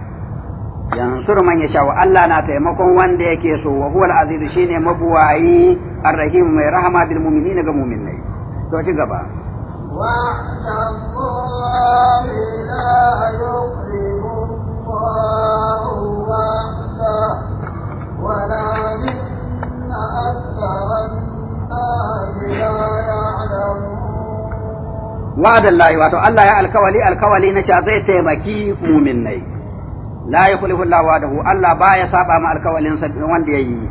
yansuru man yasha wa Allah na taimakon wanda yake so wa huwa aziz shine mabuwayi ar-rahim mai rahama bil mu'minina ga mu'minai to ci gaba wa'ad Allah wato Allah ya alkawali alkawali na cha zai taimaki muminnai la yukhlifu Allah wa'adahu Allah baya saba ma alkawalin sa wanda yayi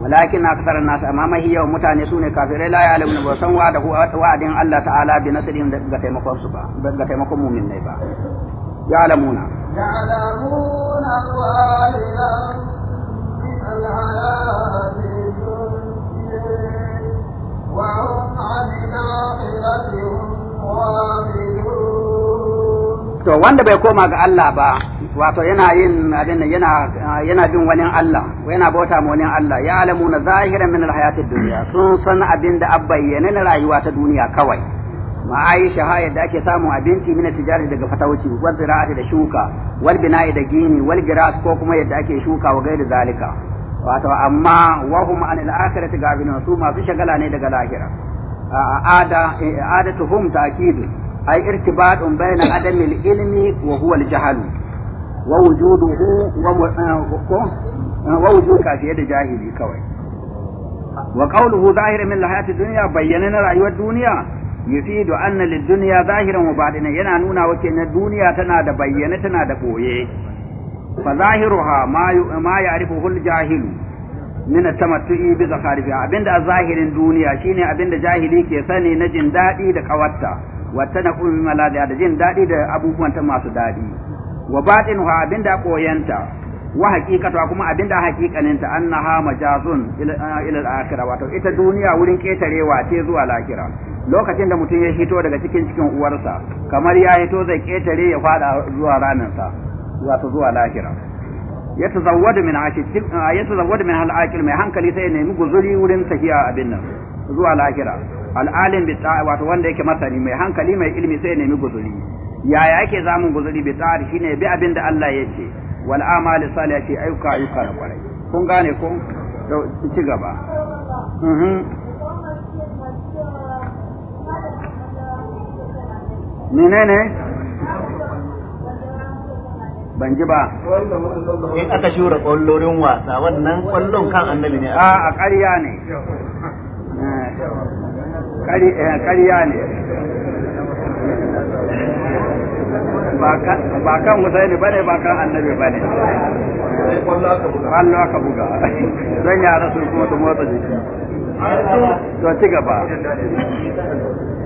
walakin akthar an-nas amama hiya mutane sune kafirai la ya'lamu ba san wa'adahu wa'adin Allah ta'ala bi nasrihim ga taimakon su ba ga taimakon muminnai ba Ya ya'lamuna يعلمون من الحياة الدنيا وهم عن To wanda bai koma ga Allah ba wato yana yin abin yana yana bin wani Allah yana bauta ma wani Allah ya na zahiran min alhayatid dunya sun san abin da abbayyana na rayuwa ta duniya kawai ma'aisha ha yadda ake samun abinci mina tijari daga fatawuci wal zira'ati da shuka wal bina'i da gini wal giras ko kuma yadda ake shuka wa gairi zalika wato amma hum an al akhirati gafilun su masu shagala ne daga lahira ada e, adatuhum ta'kidu ay irtibatun bayna adami al ilmi wa huwa al jahl wa wujuduhu wa e, e, wujudu kafiye da jahili kawai wa qawluhu zahira min al hayati dunya bayyana rayuwar duniya yufidu anna lid-dunya zahiran wa batinan yana nuna wa kenan duniya tana da bayyana tana da boye fa zahiruha ma ma ya'rifuhu al-jahil min at-tamattu'i bi zakarifi abinda zahirin duniya shine abinda jahili ke sani na jin dadi da kawatta wa tanaqul bi maladiha da jin dadi da abubuwan ta masu dadi wa batinuha abinda koyanta wa haqiqatu kuma abinda haqiqaninta annaha majazun ila al-akhirah wato ita duniya wurin ketarewa ce zuwa lakira lokacin da mutum ya hito daga cikin cikin uwarsa kamar ya hito zai ketare ya fada zuwa ranansa wato zuwa lahira ya tazawwadu min ashi ya tazawwadu min al mai hankali sai ya nemi guzuri wurin tafiya abin nan zuwa lahira al-alim bi ta'a wato wanda yake masani mai hankali mai ilimi sai ya nemi guzuri ya yake zamun guzuri bi ta'a shine bi abin da Allah ya ce wal amali salih shi ayyuka ayyuka na kwarai kun gane ko ci gaba mhm menene ban ji ba in aka shura kwallorin wasa wannan kwallon kan annabi ne a ah, a ƙarya ne eh, eh, ƙarya ne ba kan ne ba ne ba kan annabi ba ne kwallo aka buga don yara su kuma su motsa jiki to ci gaba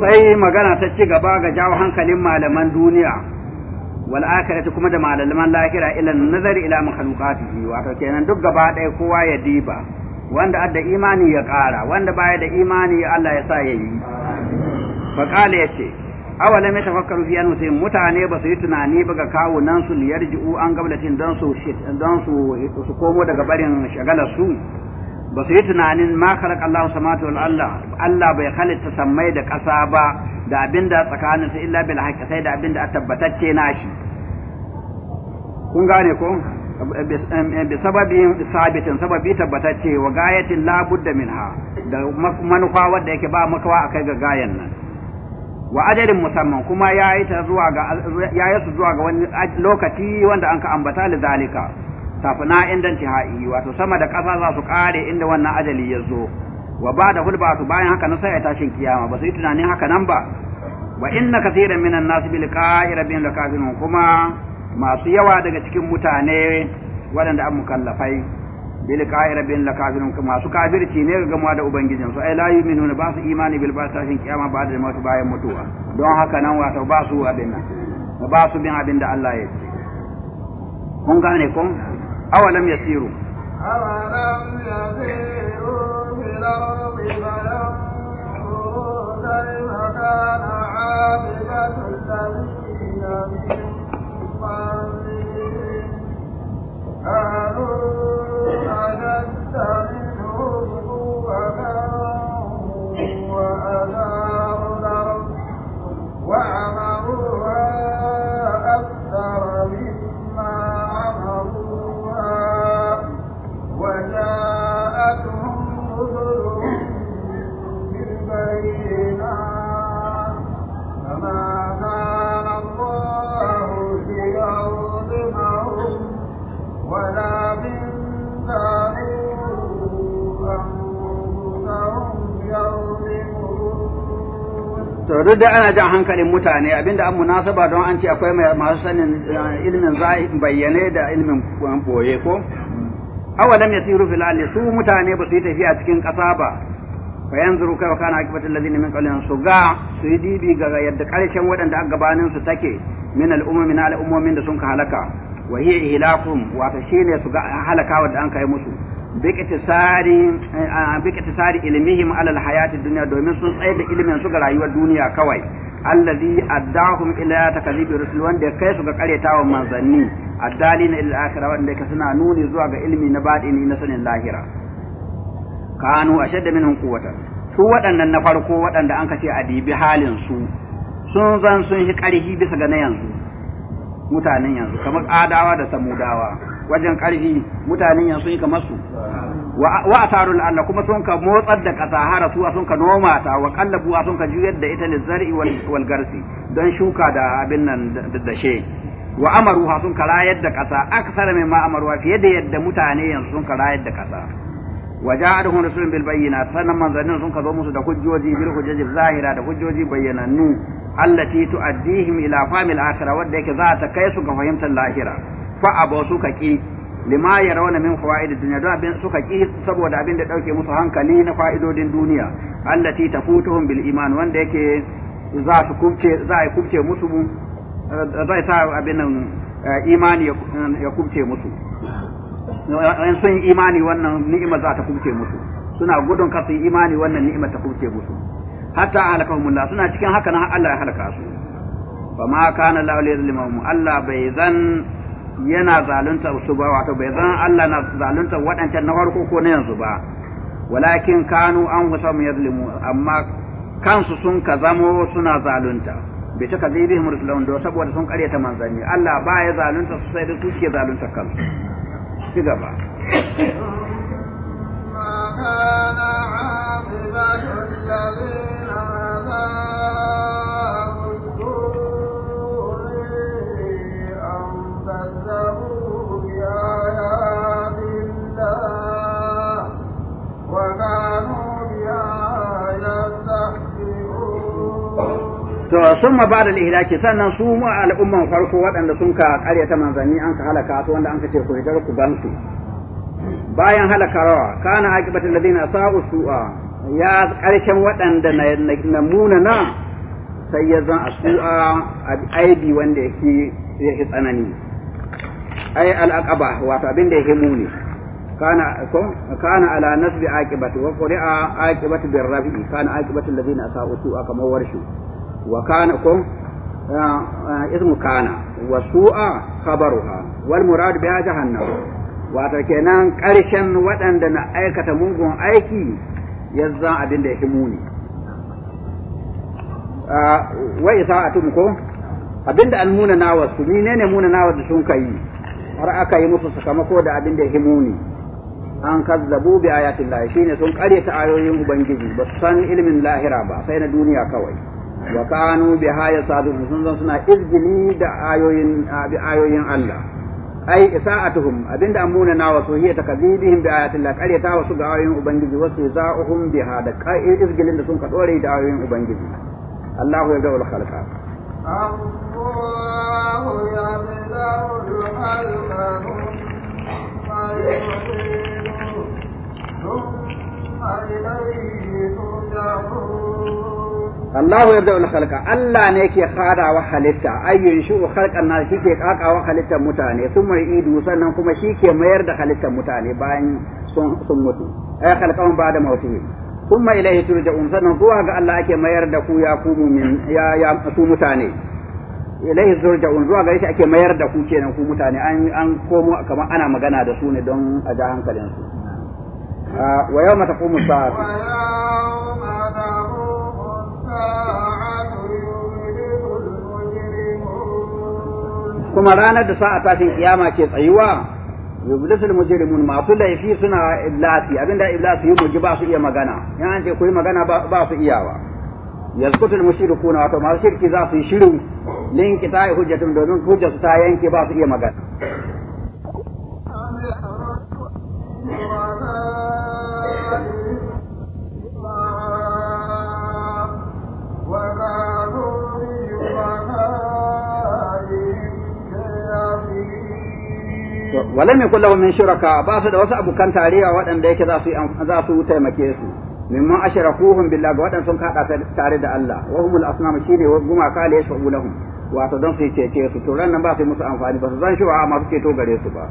sai magana ta ci gaba ga jawo hankalin malaman duniya wal akhirati kuma da malaman lahira ila nazari ila makhluqatihi wato kenan duk gaba ɗaya kowa ya diba wanda adda imani ya ƙara wanda baya da imani Allah ya sa ya yi fa qala yace awalam yatafakkaru fi sai mutane ba su yi tunani ba ga kawo nan su liyarji'u an gablatin dan su dan su su komo daga barin shagalar su ba su yi tunanin ma khalaqa Allah samawati wal Allah Allah bai halitta sammai da ƙasa ba da da tsakanin su illa bil haqqi sai da abinda a tabbatacce nashi kun gane ko bi sababin sabitin sababi tabbatacce wa gayatin la budda minha da manufa wanda yake ba makawa akai ga gayan nan wa ajalin musamman kuma yayi ta zuwa ga yayi su zuwa ga wani lokaci wanda an ka ambata li zalika tafna inda intihai wato sama da ƙasa za su ƙare inda wannan ajali ya zo wa ba da hulba su bayan haka na sai ya tashin kiyama ba su yi tunanin haka nan ba wa inna kathiran minan nas bil qa'ira bin lakafirun kuma masu yawa daga cikin mutane waɗanda an mukallafai bil qa'ira bin lakafirun kuma su kafirci ne ga gamuwa da ubangijin su ai la yu'minuna ba su imani bil ba tashin kiyama ba da mutu bayan mutuwa don haka nan wato ba su abin nan ba su bin abin da Allah ya ce kun gane kun awalam yasiru awalam yasiru fil ardi fayanzuru منهم قوة to duk da ana jan hankalin mutane abinda an munasaba don an ce akwai masu sanin eh, ilmin bayyane da ilmin boye ko awalam yasiru fil ardi su mutane ba su yi tafiya cikin ƙasa ba fa yanzuru kai kana akibatul ladina min qablihim su ga su yi dibi ga yadda karshen wadanda aka gabanin su take min al'ummi na al'ummomin da sun ka halaka wa hiya ihlakum ta shine su ga halakawa da an kai musu biktisari ilmihim alal hayati duniya domin sun tsaye da ilimin su ga rayuwar duniya kawai allazi addahum ila takzibi rusul wanda ya kai su ga karetawa manzanni addalina ila akhirah wanda ka suna nuni zuwa ga ilimi na batini na sanin lahira kanu ashadda minhum quwwatan su waɗannan na farko waɗanda an kace dibi halin su sun zan sun shi karhi bisa ga na yanzu mutanen yanzu kamar adawa da samudawa wajen ƙarfi mutanen yan sun yi kamar su wa ataru Allah kuma sun ka motsar da ƙasa har su sun ka noma ta wa kallabu sun ka juyar da ita lizari wal garsi don shuka da abin nan da she wa sun ka rayar da ƙasa aksara mai ma amaruha fiye da yadda mutane yanzu sun ka rayar da ƙasa wa ja'aluhum rasulun bil bayyinat sanan manzanin sun ka zo musu da hujjoji bil hujjoji zahira da hujjoji bayyanannu allati tu'addihim ila famil akhirah wadda yake za ta kai su ga fahimtar lahira fa abu suka ki lima rauna min fawaid duniya don abin suka ki saboda abin da dauke musu hankali na fa'idodin duniya allati tafutuhum bil iman wanda yake za su kubce za a kubce musu zai sa abin eh, imani ya kubce musu in sun imani wannan ni'ima za ta kubce musu suna gudun kasu imani wannan ni'ima ta kubce musu hatta halakahumullah suna cikin haka na Allah ya halaka su fa ma kana la ilaha Allah bai zan yana zalunta su ba wato bai zan Allah na zalunta waɗancan na farko ko na yanzu ba walakin kanu an wasa mu yazlimu amma kansu sun ka zamo suna zalunta bai ta kadhibihim rusulun do saboda sun ta manzanni Allah ba ya zalunta su sai da su ke zalunta kansu ci gaba to sun ma ba da lihilaki sannan su mu al'umman farko waɗanda sun ka ƙaryata manzanni an ka halaka su wanda an ka ce ku hitar ku gansu bayan halakarawa kana aqibatul ladina sa'u su'a ya ƙarshen waɗanda na muna na sai ya zan a su'a a aibi wanda yake yake tsanani ai al'aqaba wato abin da yake muni kana ko kana ala nasbi aqibatu wa qari'a aqibatu birrafi kana aqibatul ladina sa'u su'a kamar warshi. wa kana ko ismu kana wa su'a khabaruha wal murad biha jahannam wato kenan karshen waɗanda na aikata mugun aiki yanzu abin da yake muni wa isa'atum ko abinda an muna nawa su ni ne muna nawa da sun kai har aka yi musu sakamako da abin da yake muni an kazzabu bi ayatin lahi shine sun karyata ayoyin ubangiji ba san ilimin lahira ba sai na duniya kawai wa kanu haya sadu sun zan suna izgili da ayoyin ayoyin Allah ai isa'atuhum abinda amuna na wasu hiya takazibihim bi ayati Allah qaryata wasu ga ayoyin ubangiji wasu za'uhum hada kai izgilin da sun ka dore da ayoyin ubangiji Allahu ya da'ul khalqa Allahu ya da'ul khalqa ثم إليه ترجعون Allahu yabda'ul khalqa Allah ne ke wa halitta ayyun shu khalqan nas shike kakawa halittar mutane sun mai idu sannan kuma shi ke mayar da halittar mutane bayan sun sun mutu ay khalqan ba'da mautihim kuma ilaihi turja'un sannan zuwa ga Allah ake mayar da ku ya ku mumin ya ya su mutane ilaihi turja'un zuwa ga shi ake mayar da ku kenan ku mutane an an komo kamar ana magana da su ne don a ja hankalinsu ah, wa yawma taqumu sa'a kuma ranar da sa'a tashin kiyama ke tsayuwa yublisul mujrimun masu laifi suna iblasi abinda iblasi yi muji ba su iya magana yan an ce ku magana ba su iyawa yazkutul na wato masu shirki za su yi shiru lin kitai hujjatun domin hujjar ta yanke ba su iya magana walam yakul lahu min shuraka ba su da wasu abokan tarayya waɗanda yake za su za su taimake su mimman ashrakuhum billah ga waɗanda sun kada tare da Allah wa humul asnam shine gumaka la yashfa'u lahum wato don su cece su to ran ba su musu amfani ba su zan shuwa masu ceto gare su ba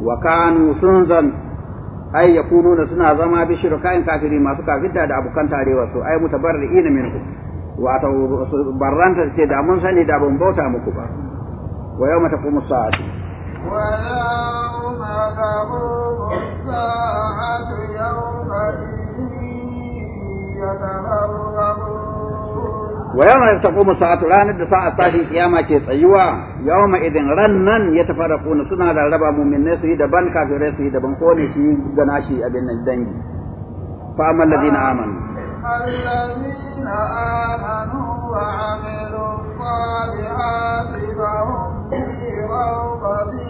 wa kanu sun zan ai yakununa suna zama bi shirkain kafiri masu kafirta da abokan tarewa su ai mutabarri'ina minhu wato barranta ce da mun sani da ban bauta muku ba wa yawma taqumu sa'atu Ka bugun sa a haɗu da ta ƙunmu ranar da ta asali kiyama ke tsayuwa. Yau mai idan ran nan ya tafi raƙuna, suna da rabaa, muminai suyi dabam, kafin rai suyi dabam, ko suyi gana shi a binne dangi. Fa manna bi da Amadu suna yin abubuwa da yawa, ya kalli kalli kalli kuma ya yi magana.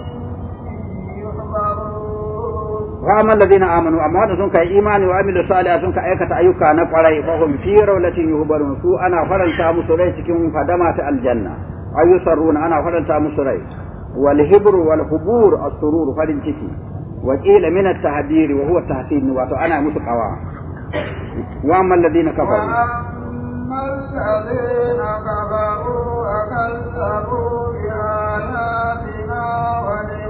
wa amma alladhina amanu amma da sun kai imani wa amilu salih sun kai aikata ayyuka na kwarai fa hum fi rawlatin yuhbarun su ana faranta musu rai cikin fadama ta aljanna ayusarruna ana faranta musu rai wal hibru wal hubur as-surur farin ciki wa qila min at-tahdhir wa huwa tahsin wato ana musu kawa wa amma alladhina kafaru الذين كفروا وكذبوا بآياتنا ولم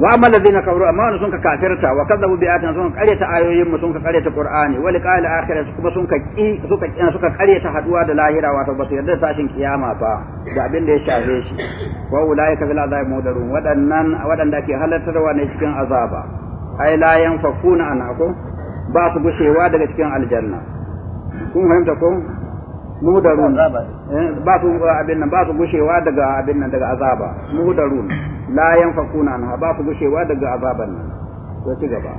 wa amma allazina kafaru amma wanda sun ka kafirta wa kazzabu bi ayatina sun karyata ayoyin mu sun ka karyata qur'ani wa liqa'il akhirah kuma sun ka ki suka suka karyata haduwa da lahira wato ba su yarda tashin kiyama ba da abin da ya shafe shi wa ulaika bil azab mudarun wadannan wadanda ke halartarwa ne cikin azaba ai la yanfakuna anako ba su gushewa daga cikin aljanna kun fahimta ko mudarun eh, ba su abin nan ba su gushewa daga abin nan daga azaba mu da mudarun la yanfakuna anha ba su gushewa daga azaban nan to ci gaba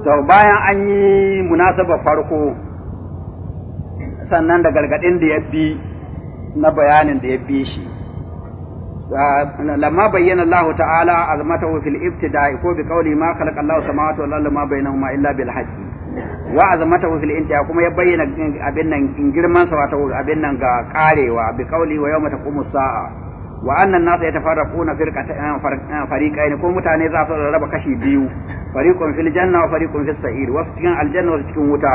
To bayan an yi munasaba farko sannan da gargaɗin da ya bi na bayanin da ya bi shi لما بين الله تعالى عظمته في الابتداء كو بقوله ما خلق الله السماوات والارض ما بينهما الا بالحق وعظمته في الانتهاء كما يبين ابن ان جرمان سواته ابن غا قاريوا بقوله ويوم تقوم الساعه وان الناس يتفرقون فريقين كو متane za su raba kashi biyu fariqun fil janna wa fariqun fis sa'ir wasu cikin aljanna wasu cikin wuta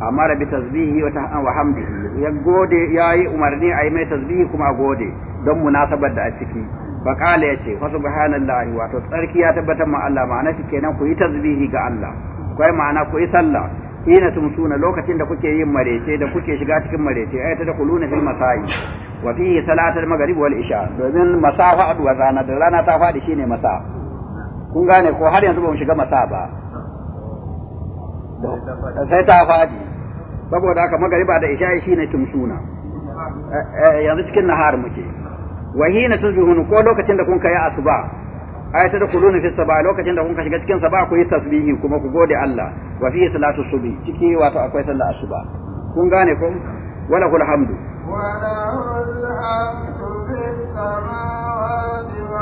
amara bi tasbihi wa ta wa hamdihi ya gode yayi umarni a yi mai tasbihi kuma a gode don munasabar da a ciki bakala qala yace fa subhanallahi wato tsarki ya tabbatar ma Allah ma'ana shi kenan ku yi tasbihi ga Allah ku yi ma'ana ku yi sallah hina tumsuna lokacin da kuke yin marece da kuke shiga cikin marece ay ta dakuluna fil masayi. wa fihi salatul maghrib wal isha domin masafa wa zana da rana ta fadi shine masa kun gane ko har yanzu ba mu shiga masa ba sai ta fadi saboda haka magariba da isha ne tumsuna eh, eh, yanzu cikin nahar muke wa hina tuzbihun ko lokacin da kun kai asuba ay ta dakuluna fi saba lokacin da kun ka shiga cikin saba ku yi tasbihi kuma ku gode Allah wa fi salatu subhi ciki wato akwai sallar asuba kun gane ko wala kul hamdu wala kul hamdu fis samawati wa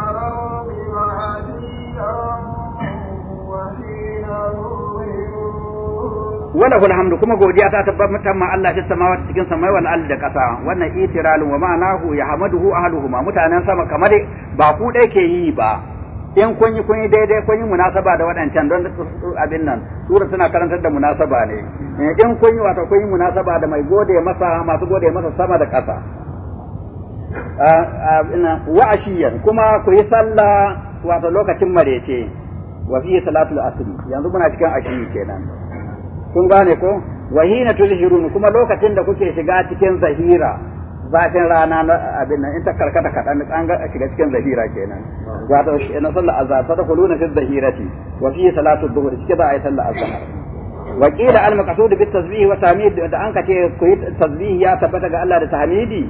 wala hul hamdu kuma godiya ta tabbatar ma Allah fi samawati cikin samai wal ardi da kasa wannan itiralun wa ma'anahu yahmaduhu ahluhuma mutanen sama kamar ba ku dai ke yi ba in kun yi kun yi daidai kun yi munasaba da waɗancan don abin nan sura tana karantar da munasaba ne eh, in kun yi wato kun yi munasaba da mai gode masa masu gode masa sama da kasa ah, ah, wa ashiyan kuma ku yi sallah wato lokacin marece wa fi salatul asri yanzu muna cikin ashiyi kenan kun gane ko wahina kuma lokacin da kuke shiga cikin zahira zafin rana na abin nan in ta karkata an ga shiga cikin zahira kenan wato dakhuluna fi zahirati wa fi salatu dhuhr shi ba wa qila al maqsud bi tasbih wa tahmid da an ku yi tasbih ya tabbata ga Allah da tahmidi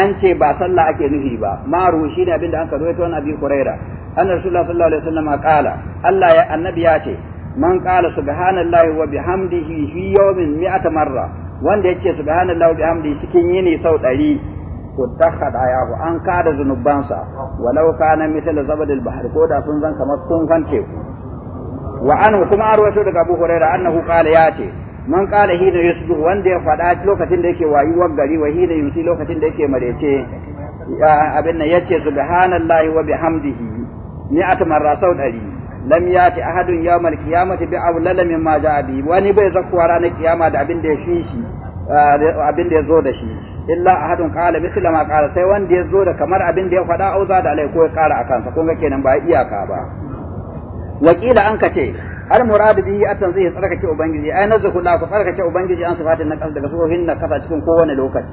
an ce ba sallah ake nufi ba ma rushi ne abin da an ka rawaito abi sallallahu alaihi wasallam qala Allah ya annabi ya ce man qala subhanallahi wa bihamdihi fi yawmin mi'ata marra wanda ya yace subhanallahi wa hamdi cikin yini sau ɗari ku ko ya ku an kada zunubansa walau kana mithla zabadil bahar ko da sun zan kamar sun teku wa an kuma arwato daga Abu Hurairah annahu qala ce man qala hina yusbih wanda ya faɗa lokacin da yake wayuwar gari wa hina yumsi lokacin da yake marece abin nan yace subhanallahi wa bihamdihi mi'at marra sau ɗari lam yati ahadun yawmal qiyamati bi awlala mimma jaa bi wani bai zakuwa ranar kiyama da abin da ya fi shi eh, abin da ya zo da shi illa ahadun qala mithla ma qala sai wanda ya zo da kamar abin da ya faɗa auza da alai ko ya ƙara akan sa kun ga kenan ba iyaka ba wakila an ka ce al muradu bihi atan zai tsarkake ubangiji ai nazaku la ku tsarkake ubangiji an sifatin na daga sufofin na kasa cikin kowane lokaci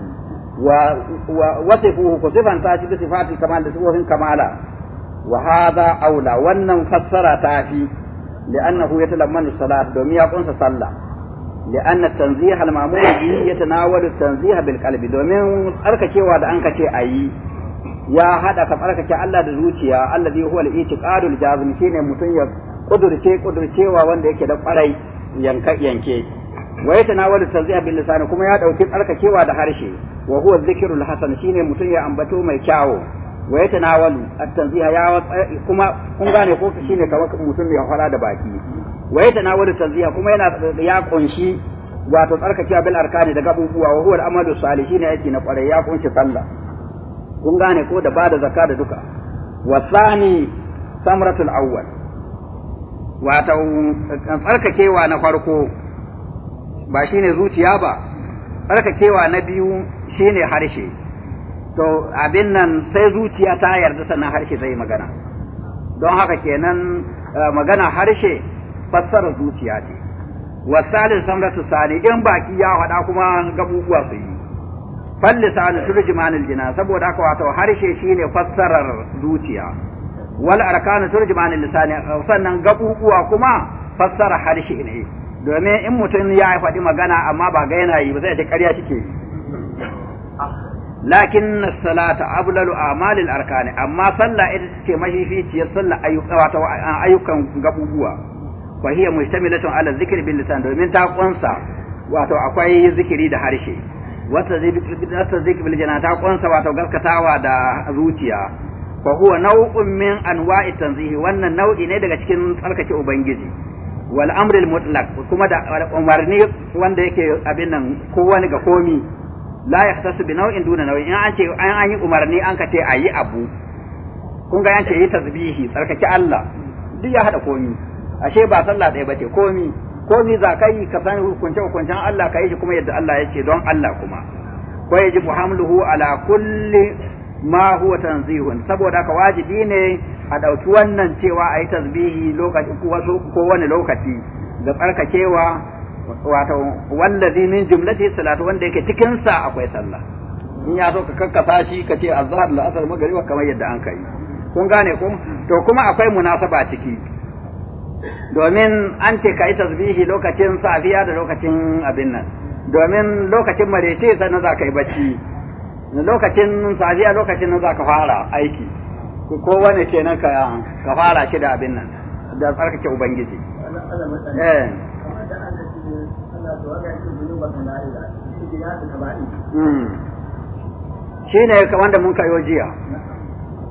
wa wasifuhu ku sifanta shi bi sifatil kamal da sufofin kamala وهذا أولى وأن فسر تافي لأنه يتلمن الصلاة دوميا قنص صلى لأن التنزيه المعمول به يتناول التنزيه بالقلب دومين أركتي وعد أنكتي أي يا هذا كفرك الله دزوتيا الذي هو الاعتقاد الجازم شيء متن قدرتي قدرتي قدر da yake da kwarai yanka yanke wa yatanawalu tanziha bil lisan kuma ya dauki tsarkakewa da harshe wa huwa dhikrul hasan shine mutun ya ambato wa ya tanawalu at-tanziha ya eh, kuma kun gane ko shine kamar mutum ya fara da baki wa ya tanawalu tanziha kuma yana ya kunshi wato tsarkakewa bil arkani daga abubuwa wa huwa al-amalu salihi ne yake na kware ya kunshi sallah kun gane ko da bada zakka da duka wa sani samratul awwal wato tsarkakewa na farko ba shine zuciya ba tsarkakewa na biyu shine harshe to abin nan sai zuciya ta yarda sannan harshe zai magana don haka kenan eh, magana harshe fassara zuciya ce wasalin samratu sani in baki ya faɗa kuma gabubuwa su yi falli sali turjimanil jina saboda haka wato harshe shine fassarar zuciya wal arkanu turjimanil lisani sannan gabubuwa kuma fassara harshe ne domin in mutum ya faɗi magana amma ba ga yana yi ba zai ta ƙarya shi ke yi lakin salata ablalu amalil arkani amma sallah ita ce mafificiyar sallah ayyukan gabubuwa wa hiya mujtamilatun ala zikri bil lisan domin ta kunsa wato akwai zikiri da harshe wata zikri bil jana ta kunsa wato gaskatawa da zuciya ko huwa nau'un min anwa'i tanzihi wannan nau'i ne daga cikin tsarkake ubangiji wal amrul mutlaq kuma da umarni wanda yake abin nan kowani ga komi la su bi nau'in duna nau'in in an ce an yi umarni an ka ce a yi abu kun ga an ce yi tasbihi tsarkake Allah duk ya hada komi ashe ba sallah ɗaya ba ce komi komi za ka yi ka san hukunce hukuncen Allah ka yi shi kuma yadda Allah ya ce don Allah kuma ko ji hamluhu ala kulli ma huwa tanzihun saboda ka wajibi ne a ɗauki wannan cewa a yi tasbihi lokaci ko wani lokaci ga tsarkakewa wato wallazi min jumlati salatu wanda yake cikin sa akwai sallah in ya zo ka kakkasa shi ka ce azhar la'asar wa kamar yadda an kai kun gane ko to kuma akwai munasaba ciki domin an ce ka yi tasbihi lokacin safiya da lokacin abin nan domin lokacin marece na za ka yi bacci lokacin safiya lokacin na za ka fara aiki ko wani kenan ka fara shi da abin nan da tsarkake ubangiji eh Hmm. shi ne wanda mun kayo jiya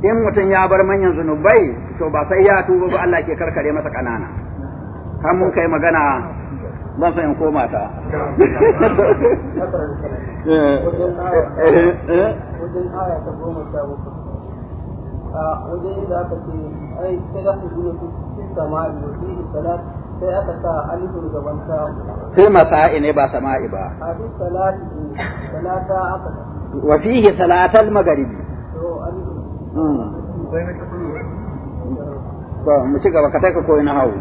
in mutum ya bar manyan zunubai to ba sai ya tuba ba Allah ke karkare masa kanana har mun kai magana ban san in koma ta wajen da aka ce ai sai za su gina cikin samari wajen salat sai aka sa alifin gaban ta fi masa'i ne ba sama'i ba hadis salati salata aka wa fihi salatal magharibi to hmm. mu ci gaba ka taka koyi na hawo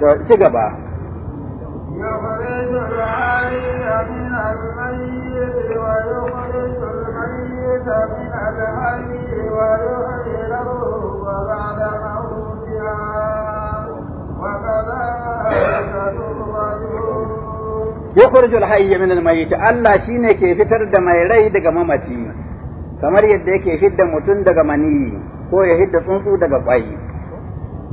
to ci gaba يخرج الحي من الميت ويخرج الميت من الحي ويحيي بعد موتها yukhrij al-hayy min al-mayyit Allah shine ke fitar da mai rai daga mamaci kamar yadda yake fidda mutum daga mani ko ya hidda tsuntsu daga kwai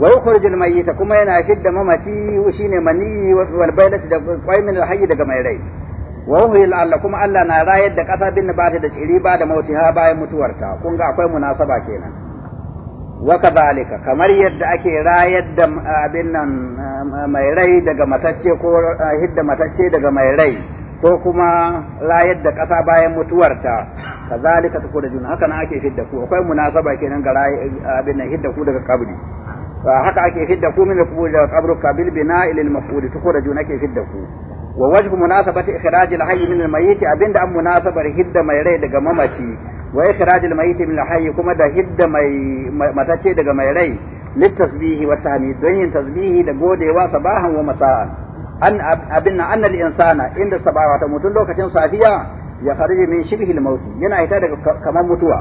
wa yukhrij al-mayyit kuma yana fidda mamaci shine mani wal baydati da kwai min al-hayy daga mai rai wa huwa Allah kuma Allah na rayar da kasa bin nabati da ciri ba da mautiha bayan mutuwarta kun ga akwai munasaba kenan wakazalika kamar yadda ake rayar da eh, abin nan eh, mai rai daga matacce ko eh, hidda matacce daga mai rai ko kuma rayar da ƙasa bayan mutuwarta kazalika ta da juna haka na ake hidda ku akwai munasaba kenan ga abin nan hidda ku daga kabri haka ake hidda ku min kubur daga kabru kabil bina ilil mafudi ta da juna ake hidda ku wa wajhu munasabati ikhrajil hayy min al-mayyit abinda an munasabar hidda mai rai daga mamaci wa ikhrajil mayyit min al-hayy kuma da hidda mai matace daga mai rai litasbihi wa tahmid don yin tasbihi da godewa sabahan wa masa'an an abin anna al-insana inda sabaha ta mutun lokacin safiya ya khariji min shibhil maut yana ita daga kamar mutuwa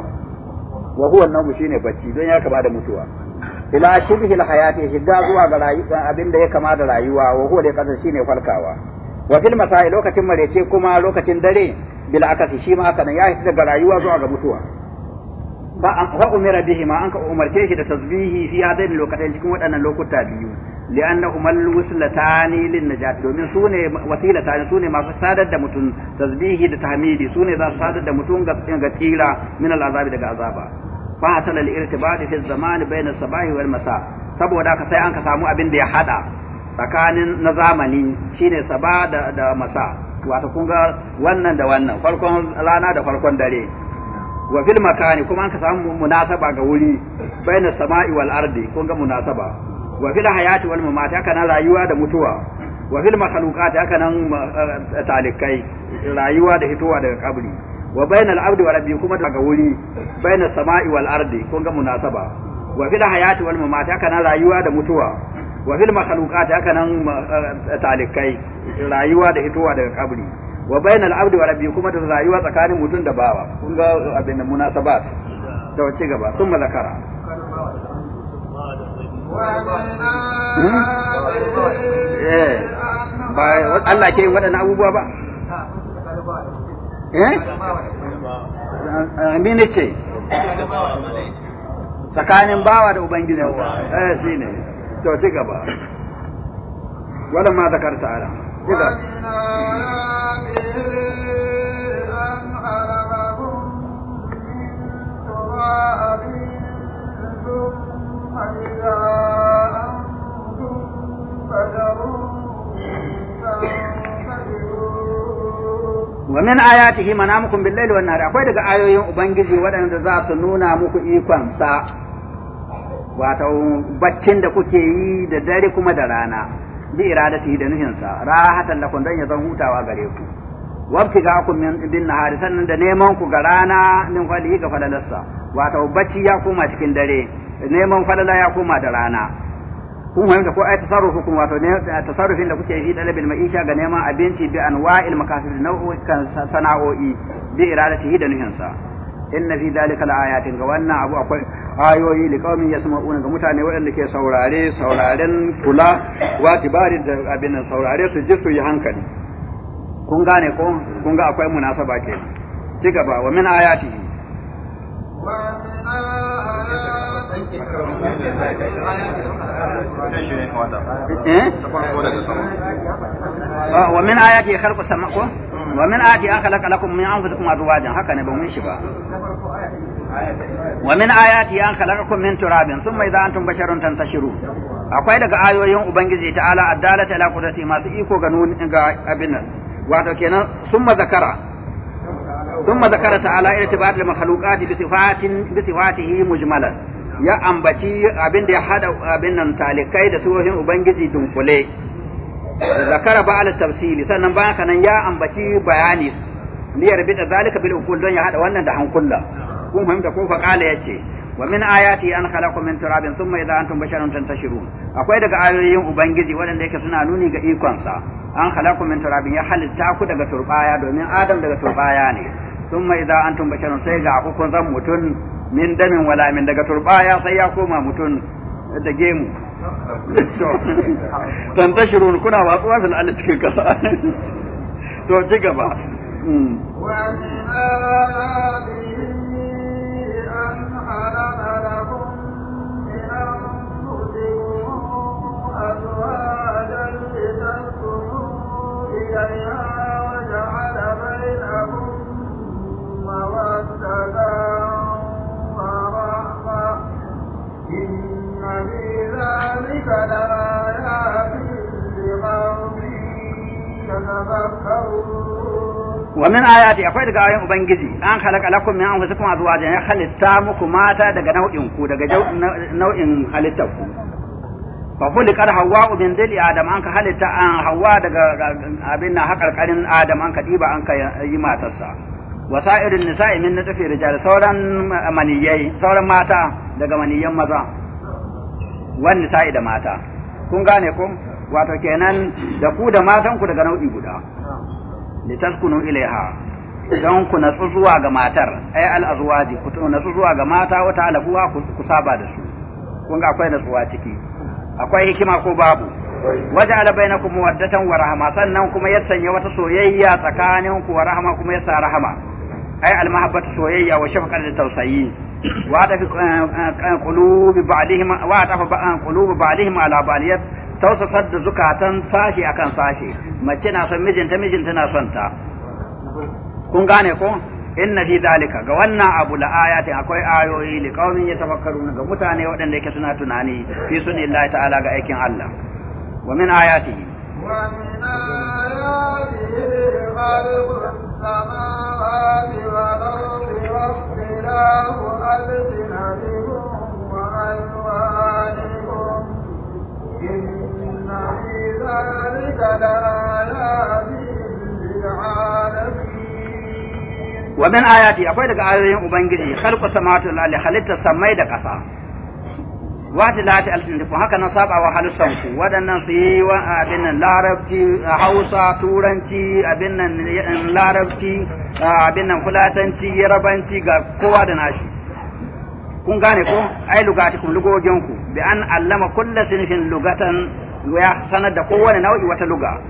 wa huwa an shine bacci don ya kama da mutuwa ila shibhil hayati shiga zuwa ga abin da ya kama da rayuwa wa huwa da kadar shine farkawa. wa fil masai lokacin marece kuma lokacin dare bil akasi shi ma haka nan ya hita daga rayuwa zuwa ga mutuwa fa umira bihi ma an ka umarce shi da tasbihi fi hadain lokacin cikin waɗannan lokuta biyu li'annahuma al-wuslatani lin-najat domin sune wasilatani sune masu sadar da mutum tasbihi da tahmidi sune za su sadar da mutum ga tsira min al-azabi daga azaba fa hasala al-irtibad fi az-zaman bayna sabahi wal-masa saboda ka sai an ka samu abin da ya hada tsakanin na zamani shine saba da, da masa wato kun ga wannan da wannan farkon rana da farkon dare wa fil makani kuma an ka samu munasaba ga wuri baina sama'i wal ardi kun ga munasaba wa fil hayati wal mamati haka nan rayuwa da mutuwa wa fil makhluqati haka nan eh, talikai rayuwa da hitowa daga kabri wa bainal abdi wa rabbi kuma daga wuri baina sama'i wal ardi kun ga munasaba wa fil hayati wal mamati haka nan rayuwa da mutuwa wa fil makhluqat haka nan eh, talikai rayuwa da hitowa daga kabri wa bainal abdi wa rabbi kuma da rayuwa tsakanin mutum da bawa kun ga abin da munasabat da wace gaba sun mazakara hmm? ba Allah ke waɗannan abubuwa ba eh ne ce tsakanin bawa da ubangiji eh shine to ci gaba ولما ذكر تعالى إذا akwai daga ayoyin ubangiji waɗanda za su nuna muku ikon sa wato baccin da kuke yi da dare kuma da rana bi iradati da nuhinsa rahatan lakum dan ya zan hutawa gare ku ga ku min din nahari sannan da neman ku ga rana min fali ga falalarsa wato bacci ya koma cikin dare neman falala ya koma da rana kun fahimta ko ai tasarrufukum wato ne tasarrufin da kuke yi dalabil ma'isha ga neman abinci bi anwa'il makasid nau'ukan sana'o'i bi iradati da nufinsa. inna fi dalika laayatin ga wannan abu akwai ayoyi li qaumin yasma'una ga mutane waɗanda ke saurare sauraren kula wa tibari da abin saurare su ji su yi hankali kun gane ko kun ga akwai munasaba ke ci gaba wa min ayatihi wa min ayati eh? khalqu آياته wa min ayati an khalaqa lakum min anfusikum azwajan haka ne ba mun shi ba wa min ayati an khalaqakum min turabin thumma idha antum basharun tantashiru akwai daga ayoyin ubangiji ta'ala addalata ila qudrati masu iko ga nuni ga abin wato kenan thumma zakara thumma zakara ta'ala ila tibat lil makhluqati bi sifatin bi sifatihi mujmalan ya ambaci abin da ya hada abin nan talikai da suwohin ubangiji dunkule zakara ba ala tafsili sannan ba kanan ya ambaci bayani ya bida zalika bil ukul don ya hada wannan da hankula kun fahimta ko fa kala yace wa min ayati an khalaqa min turabin thumma idha antum basharun tantashirun akwai daga ayoyin ubangiji waɗanda yake suna nuni ga sa an khalaqa min turabin ya halitta ku daga turbaya domin adam daga turbaya ne thumma idha antum basharun sai ga ku kun zan mutun min damin wala min daga turbaya sai ya koma mutun da gemu tantashirun kuna watsuwa fil ardi cikin kasa to ci gaba hmm. أزواجا لتسكنوا إليها wa min ayati akwai daga ayoyin ubangiji an khalaqa lakum min anfusikum azwajan ya halitta muku mata daga nau'in ku daga nau'in halittar ku fa khuliqat hawwa'u min dhil adam an ka halitta an hawwa daga abin na hakarkarin adam an ka diba an ka yi matarsa wa sa'irun nisa'i min nutfi rijal sauran maniyai sauran mata daga maniyyan maza wan nisa'i da mata kun gane ko wato kenan da ku da matan ku daga nau'i guda li taskunu ilaiha don ku natsu zuwa ga matar ai al azwaji ku natsu zuwa ga mata wata alafuwa ku saba da su kun ga akwai natsuwa ciki akwai hikima ko babu waje alabaina kuma waddatan wa rahama sannan kuma ya sanya wata soyayya tsakanin ku wa rahama kuma ya sa rahama ai al mahabbatu soyayya wa shafaqat da tausayi wa da eh, eh, qulubi ba'dihim wa ta eh, qulubi ba'dihim ala ba'liyat tausasar da zukatan sashe akan sashe mace na son mijinta mijinta na son ta kun gane ko inna fi dalika ga wannan abu la ayatin akwai ayoyi li qaumin yatafakkaruna ga mutane waɗanda yake suna tunani fi Allah ta'ala ga aikin Allah wa min ayatihi wa min ayatihi khalqu samawati wal ardi wa ikhtilafu alsinatikum wa alwanikum wa min ayati akwai daga ayoyin ubangiji khalqu samawati wal ardi halitta samai da ƙasa wa tilati ko haka nan saba wa halu ku wadannan su yi wa abin nan larabci hausa turanci abin nan eh, larabci eh, abin fulatanci yarabanci ga kowa da nashi kun gane ko ai lugatikum lugogin ku bi an allama kullu sinfin lugatan ya sanar da kowane nau'i wata luga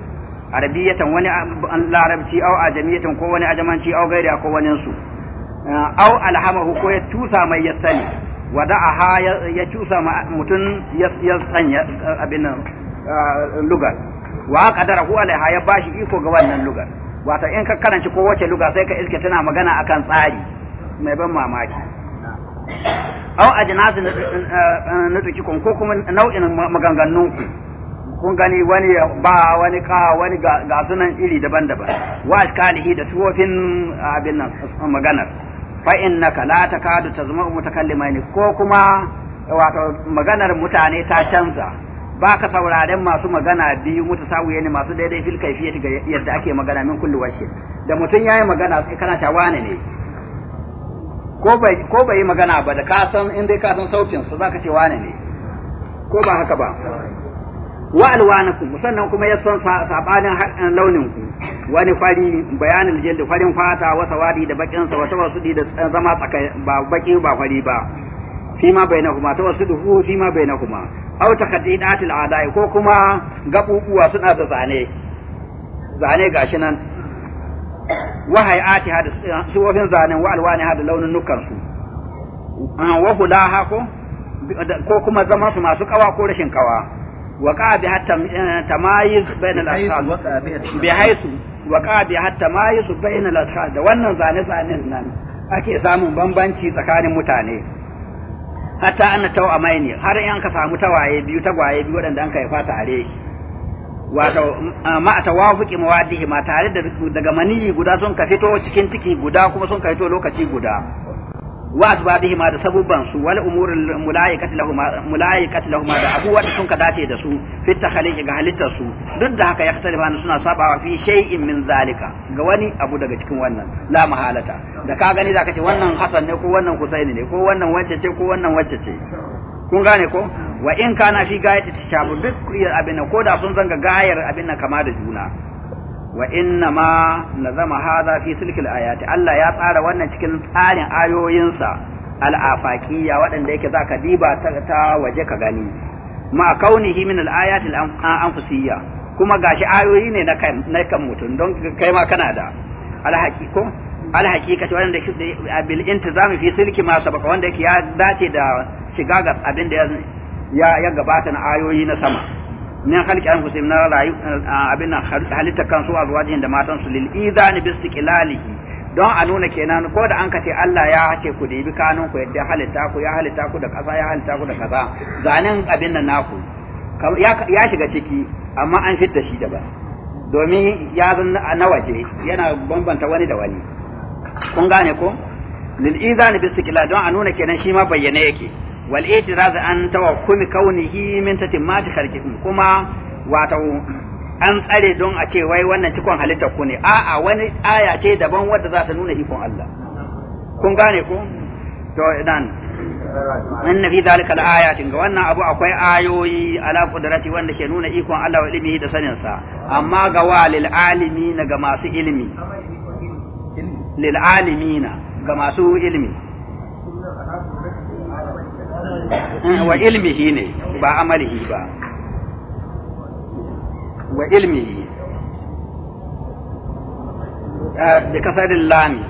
arabiyatan wani larabci au ajamiyatan ko wani ajamanci au gairi ko wani su eh, au alhamahu ko ya tusa mai ya sani ha ya tusa mutum ya sanya eh, abin eh, lugar wa kadara hu alaiha ya bashi iko ga wannan lugar wato in ka karanci kowace luga sai ka iske tana magana akan tsari mai ban mamaki au ajnasin nutukikun ko kuma nau'in maganganun ku. kun gani wani ba wani ka wani ga sunan iri daban-daban wa ashkalihi da sufofin ah, abin nan maganar fa innaka la takadu mutakallima ne ko kuma wato maganar mutane ta canza baka sauraren masu magana biyu mutasawiye ne masu daidai fil kaifiyati ga yadda ake magana min kullu washi da mutun yayi magana sai kana ta wane ne ko bai ko bai magana ba da ka san in dai ka san sautin su zaka ce wane ne ko ba haka ba wa alwanakum sannan kuma ya san sabanin launin ku wani fari bayanin jild farin fata wa sawadi da bakin sa wata tawassudi da zama tsaka ba baki ba fari ba fima bainahuma tawassuduhu fima bainahuma aw takadidatil adai ko kuma gabubuwa suna da zane zane gashi nan wa hayati hada wofin eh, zanen wa alwani hada launin nukan su ah, wa hulaha ko ko kuma zama su masu kawa ko rashin kawa وقع بها تمايز بين الأشخاص بحيث وقع بها تمايز بين الأشخاص da wannan zane-zanen nan ake samun bambanci tsakanin mutane hatta ana tawa maini har in ka samu tawaye biyu tagwaye biyu wadanda an kai fata are wato ma a tawafuki mawadihi ma tare da daga maniyi guda sun ka fito cikin ciki guda kuma sun ka fito lokaci guda wa asbabihi ma da sabubban su wal umurul mulaikat lahum mulaikat lahum da abuwa da sun ka dace da su fi takhaliqi ga halittar su duk da haka yaktalifa suna sabawa fi in min zalika ga wani abu daga cikin wannan la mahalata da ka gani zaka ce wannan hasan ne ko wannan husaini ne ko wannan wacce ko wannan wacce ce kun gane ko wa in kana fi gayati tashabu duk abin ko da sun zanga gayar abin kama da juna wa inna ma nazama hadha fi silkil ayati Allah ya tsara wannan cikin tsarin ayoyinsa al-afaqiyya waɗanda yake zaka diba ta, ta waje ka gani ma kaunihi min al-ayati al-anfusiyya kuma gashi ayoyi ne na kan na kan mutum don kai ma kana da al-haqiqo al-haqiqati waɗanda bil intizami fi silki ma sabaka wanda ya dace da shiga ga abin da ya ya gabata na ayoyi na sama min khalqi anfusihim na la abin halitta kan su zuwajihin da matan su lil idani bi don a nuna kenan ko da an ka ce Allah ya hace ku da bi kanun ku yadda halitta ku ya halitta ku da kasa ya halitta ku da kasa zanen abin nan naku ya shiga ciki amma an fitta shi daban domin ya zan na waje yana bambanta wani da wani kun gane ko lil idani bi don a nuna kenan shi ma bayyane yake wal itiraz an tawakkumi kaunihi min tatimmat khalqikum kuma wato an tsare don a ce wai wannan cikon halitta ku ne a'a wani aya ce daban wadda za ta nuna ikon Allah kun gane ku? to idan inna fi zalika laayatin ga wannan abu akwai ayoyi ala qudrati wanda ke nuna ikon Allah wa ilmihi da sanin sa amma ga walil alimin ga masu ilimi lil alimina ga masu ilimi Eh, wa ilmihi ne ba amalihi ba wa ilmihi da eh, kasar lami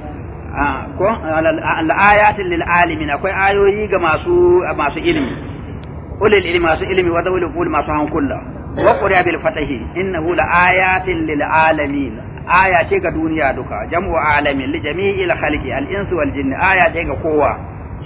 ah, ko al'ayatin lil alimin akwai ayoyi ga masu masu ilmi ulil ilmi masu ilmi wa dawul qul masu hankula wa qura bil fatahi innahu la ayatin lil alamin aya ce ga duniya duka jam'u alamin li jami'il khalqi al insu wal jinni aya ce ga kowa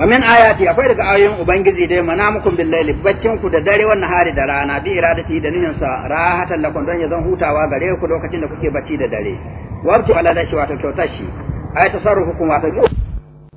wa min ayati akwai daga ayoyin ubangiji dai manamukum bil laili baccin ku da dare wannan hari da rana bi iradati da nuhin sa rahatan lakum don ya hutawa gare ku lokacin da kuke bacci da dare wabtu ala dashi wato kyautar shi ay tasarrufukum wato